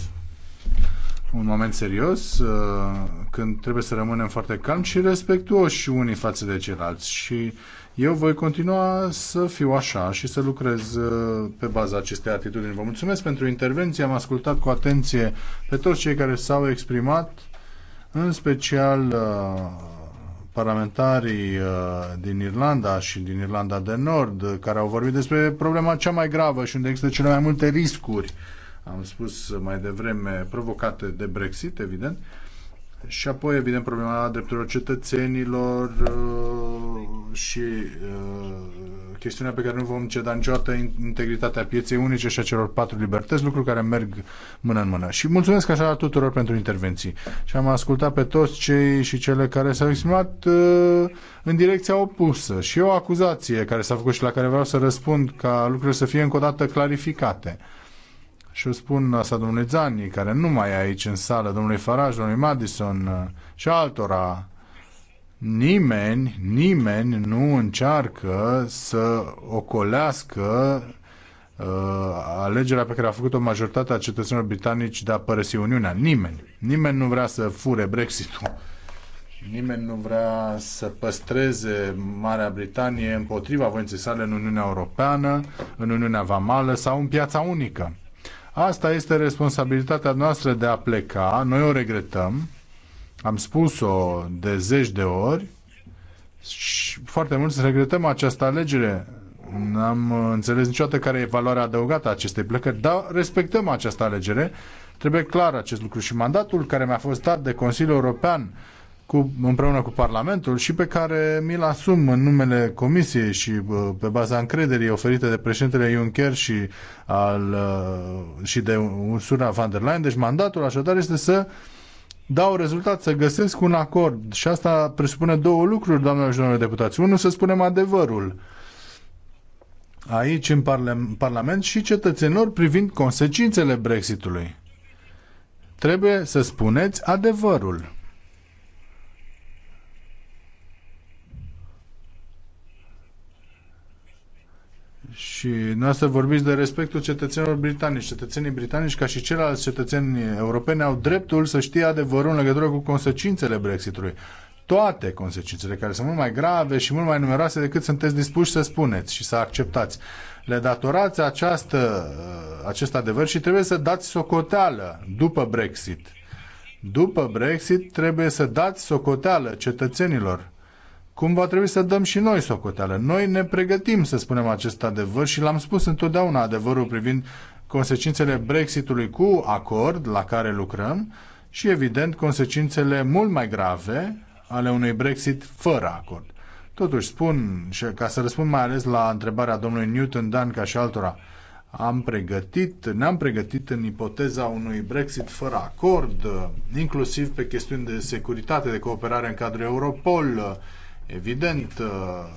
un moment serios uh, când trebuie să rămânem foarte calmi și respectuoși unii față de ceilalți și eu voi continua să fiu așa și să lucrez uh, pe baza acestei atitudini. Vă mulțumesc pentru intervenție, am ascultat cu atenție pe toți cei care s-au exprimat, în special uh, parlamentarii din Irlanda și din Irlanda de Nord, care au vorbit despre problema cea mai gravă și unde există cele mai multe riscuri am spus mai devreme, provocate de Brexit, evident, și apoi, evident, problema drepturilor cetățenilor uh, și uh, chestiunea pe care nu vom ceda niciodată integritatea pieței unice și a celor patru libertăți, lucruri care merg mână în mână. Și mulțumesc așa tuturor pentru intervenții. Și am ascultat pe toți cei și cele care s-au exprimat uh, în direcția opusă. Și o acuzație care s-a făcut și la care vreau să răspund ca lucrurile să fie încă o dată clarificate și o spun asta domnului Zani, care nu mai e aici în sală, domnului Faraj, domnului Madison uh, și altora, nimeni, nimeni nu încearcă să ocolească uh, alegerea pe care a făcut-o majoritatea cetățenilor britanici de a părăsi Uniunea. Nimeni. Nimeni nu vrea să fure Brexit-ul. Nimeni nu vrea să păstreze Marea Britanie împotriva voinței sale în Uniunea Europeană, în Uniunea Vamală sau în piața unică. Asta este responsabilitatea noastră de a pleca. Noi o regretăm. Am spus-o de zeci de ori și foarte mulți regretăm această alegere. N-am înțeles niciodată care e valoarea adăugată a acestei plecări, dar respectăm această alegere. Trebuie clar acest lucru și mandatul care mi-a fost dat de Consiliul European cu, împreună cu Parlamentul și pe care mi-l asum în numele Comisiei și uh, pe baza încrederii oferite de președintele Juncker și, al, uh, și de Ursula von der Leyen. Deci mandatul așadar este să dau rezultat, să găsesc un acord. Și asta presupune două lucruri, doamnelor și domnilor deputați. Unul, să spunem adevărul aici în Parlament și cetățenilor privind consecințele Brexitului. Trebuie să spuneți adevărul Și nu să vorbiți de respectul cetățenilor britanici. Cetățenii britanici, ca și ceilalți cetățeni europeni, au dreptul să știe adevărul în legătură cu consecințele Brexitului. Toate consecințele, care sunt mult mai grave și mult mai numeroase decât sunteți dispuși să spuneți și să acceptați. Le datorați această, uh, acest adevăr și trebuie să dați socoteală după Brexit. După Brexit trebuie să dați socoteală cetățenilor cum va trebui să dăm și noi socoteală. Noi ne pregătim să spunem acest adevăr și l-am spus întotdeauna adevărul privind consecințele Brexitului cu acord la care lucrăm și, evident, consecințele mult mai grave ale unui Brexit fără acord. Totuși spun, și ca să răspund mai ales la întrebarea domnului Newton Dan ca și altora, am pregătit, ne-am pregătit în ipoteza unui Brexit fără acord, inclusiv pe chestiuni de securitate, de cooperare în cadrul Europol, Evident, uh, uh,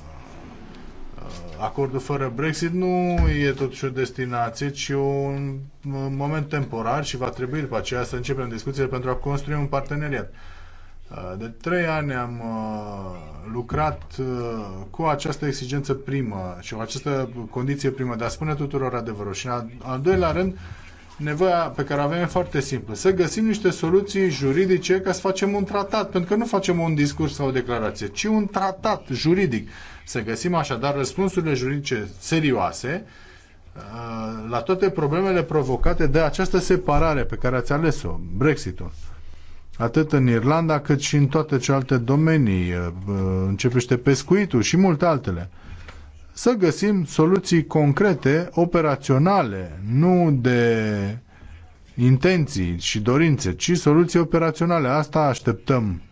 acordul fără Brexit nu e totuși o destinație, ci un moment temporar și va trebui după aceea să începem discuțiile pentru a construi un parteneriat. Uh, de trei ani am lucrat cu această exigență primă și cu această condiție primă de a spune tuturor adevărul. Și în al doilea rând, nevoia pe care o avem e foarte simplă. Să găsim niște soluții juridice ca să facem un tratat, pentru că nu facem un discurs sau o declarație, ci un tratat juridic. Să găsim așadar răspunsurile juridice serioase uh, la toate problemele provocate de această separare pe care ați ales-o, Brexitul. Atât în Irlanda cât și în toate celelalte domenii, uh, începește pescuitul și multe altele să găsim soluții concrete, operaționale, nu de intenții și dorințe, ci soluții operaționale. Asta așteptăm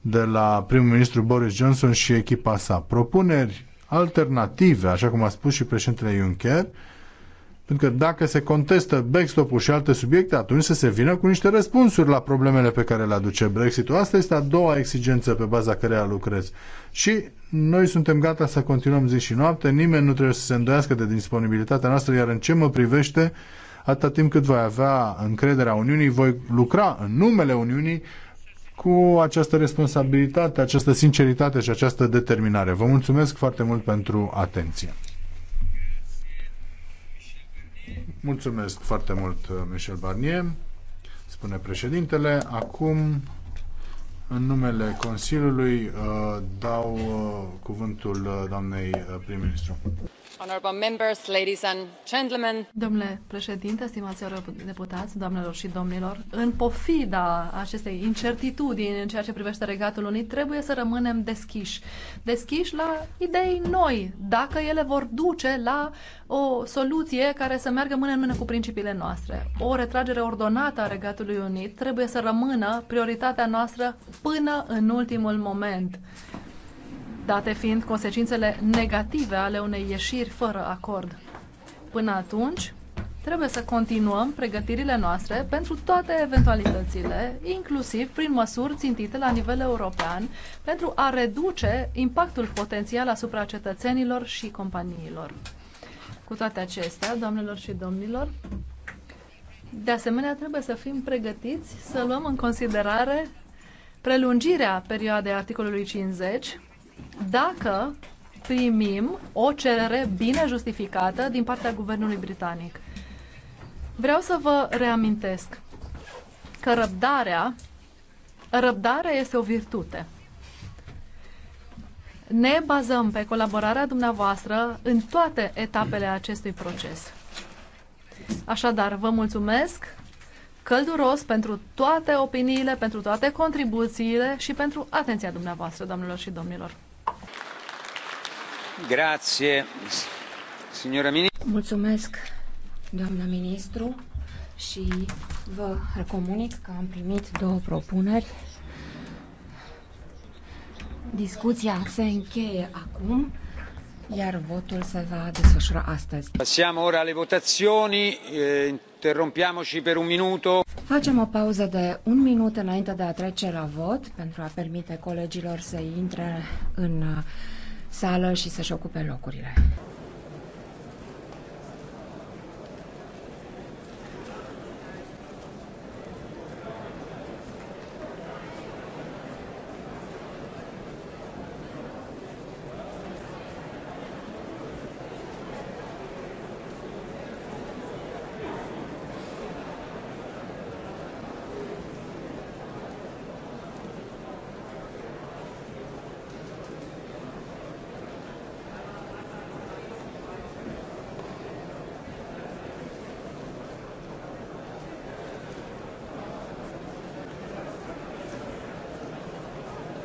de la primul ministru Boris Johnson și echipa sa. Propuneri alternative, așa cum a spus și președintele Juncker, pentru că dacă se contestă backstop-ul și alte subiecte, atunci să se vină cu niște răspunsuri la problemele pe care le aduce Brexit-ul. Asta este a doua exigență pe baza căreia lucrez. Și noi suntem gata să continuăm zi și noapte, nimeni nu trebuie să se îndoiască de disponibilitatea noastră, iar în ce mă privește, atâta timp cât voi avea încrederea Uniunii, voi lucra în numele Uniunii cu această responsabilitate, această sinceritate și această determinare. Vă mulțumesc foarte mult pentru atenție. Mulțumesc foarte mult, uh, Michel Barnier, spune președintele. Acum, în numele Consiliului, uh, dau uh, cuvântul doamnei prim-ministru. Domnule președinte, stimați deputați, doamnelor și domnilor, în pofida acestei incertitudini în ceea ce privește Regatul Unit, trebuie să rămânem deschiși. Deschiși la idei noi, dacă ele vor duce la o soluție care să meargă mână în mână cu principiile noastre. O retragere ordonată a Regatului Unit trebuie să rămână prioritatea noastră până în ultimul moment date fiind consecințele negative ale unei ieșiri fără acord. Până atunci, trebuie să continuăm pregătirile noastre pentru toate eventualitățile, inclusiv prin măsuri țintite la nivel european, pentru a reduce impactul potențial asupra cetățenilor și companiilor. Cu toate acestea, doamnelor și domnilor, de asemenea, trebuie să fim pregătiți să luăm în considerare prelungirea perioadei articolului 50 dacă primim o cerere bine justificată din partea guvernului britanic. Vreau să vă reamintesc că răbdarea, răbdarea este o virtute. Ne bazăm pe colaborarea dumneavoastră în toate etapele acestui proces. Așadar, vă mulțumesc călduros pentru toate opiniile, pentru toate contribuțiile și pentru atenția dumneavoastră, domnilor și domnilor. Mulțumesc, doamnă ministru, și vă comunic că am primit două propuneri. Discuția se încheie acum, iar votul se va desfășura astăzi. Passiamo ora alle votazioni, eh, interrompiamoci per un minuto. Facem o pauză de un minut înainte de a trece la vot, pentru a permite colegilor să intre în sală și să-și ocupe locurile.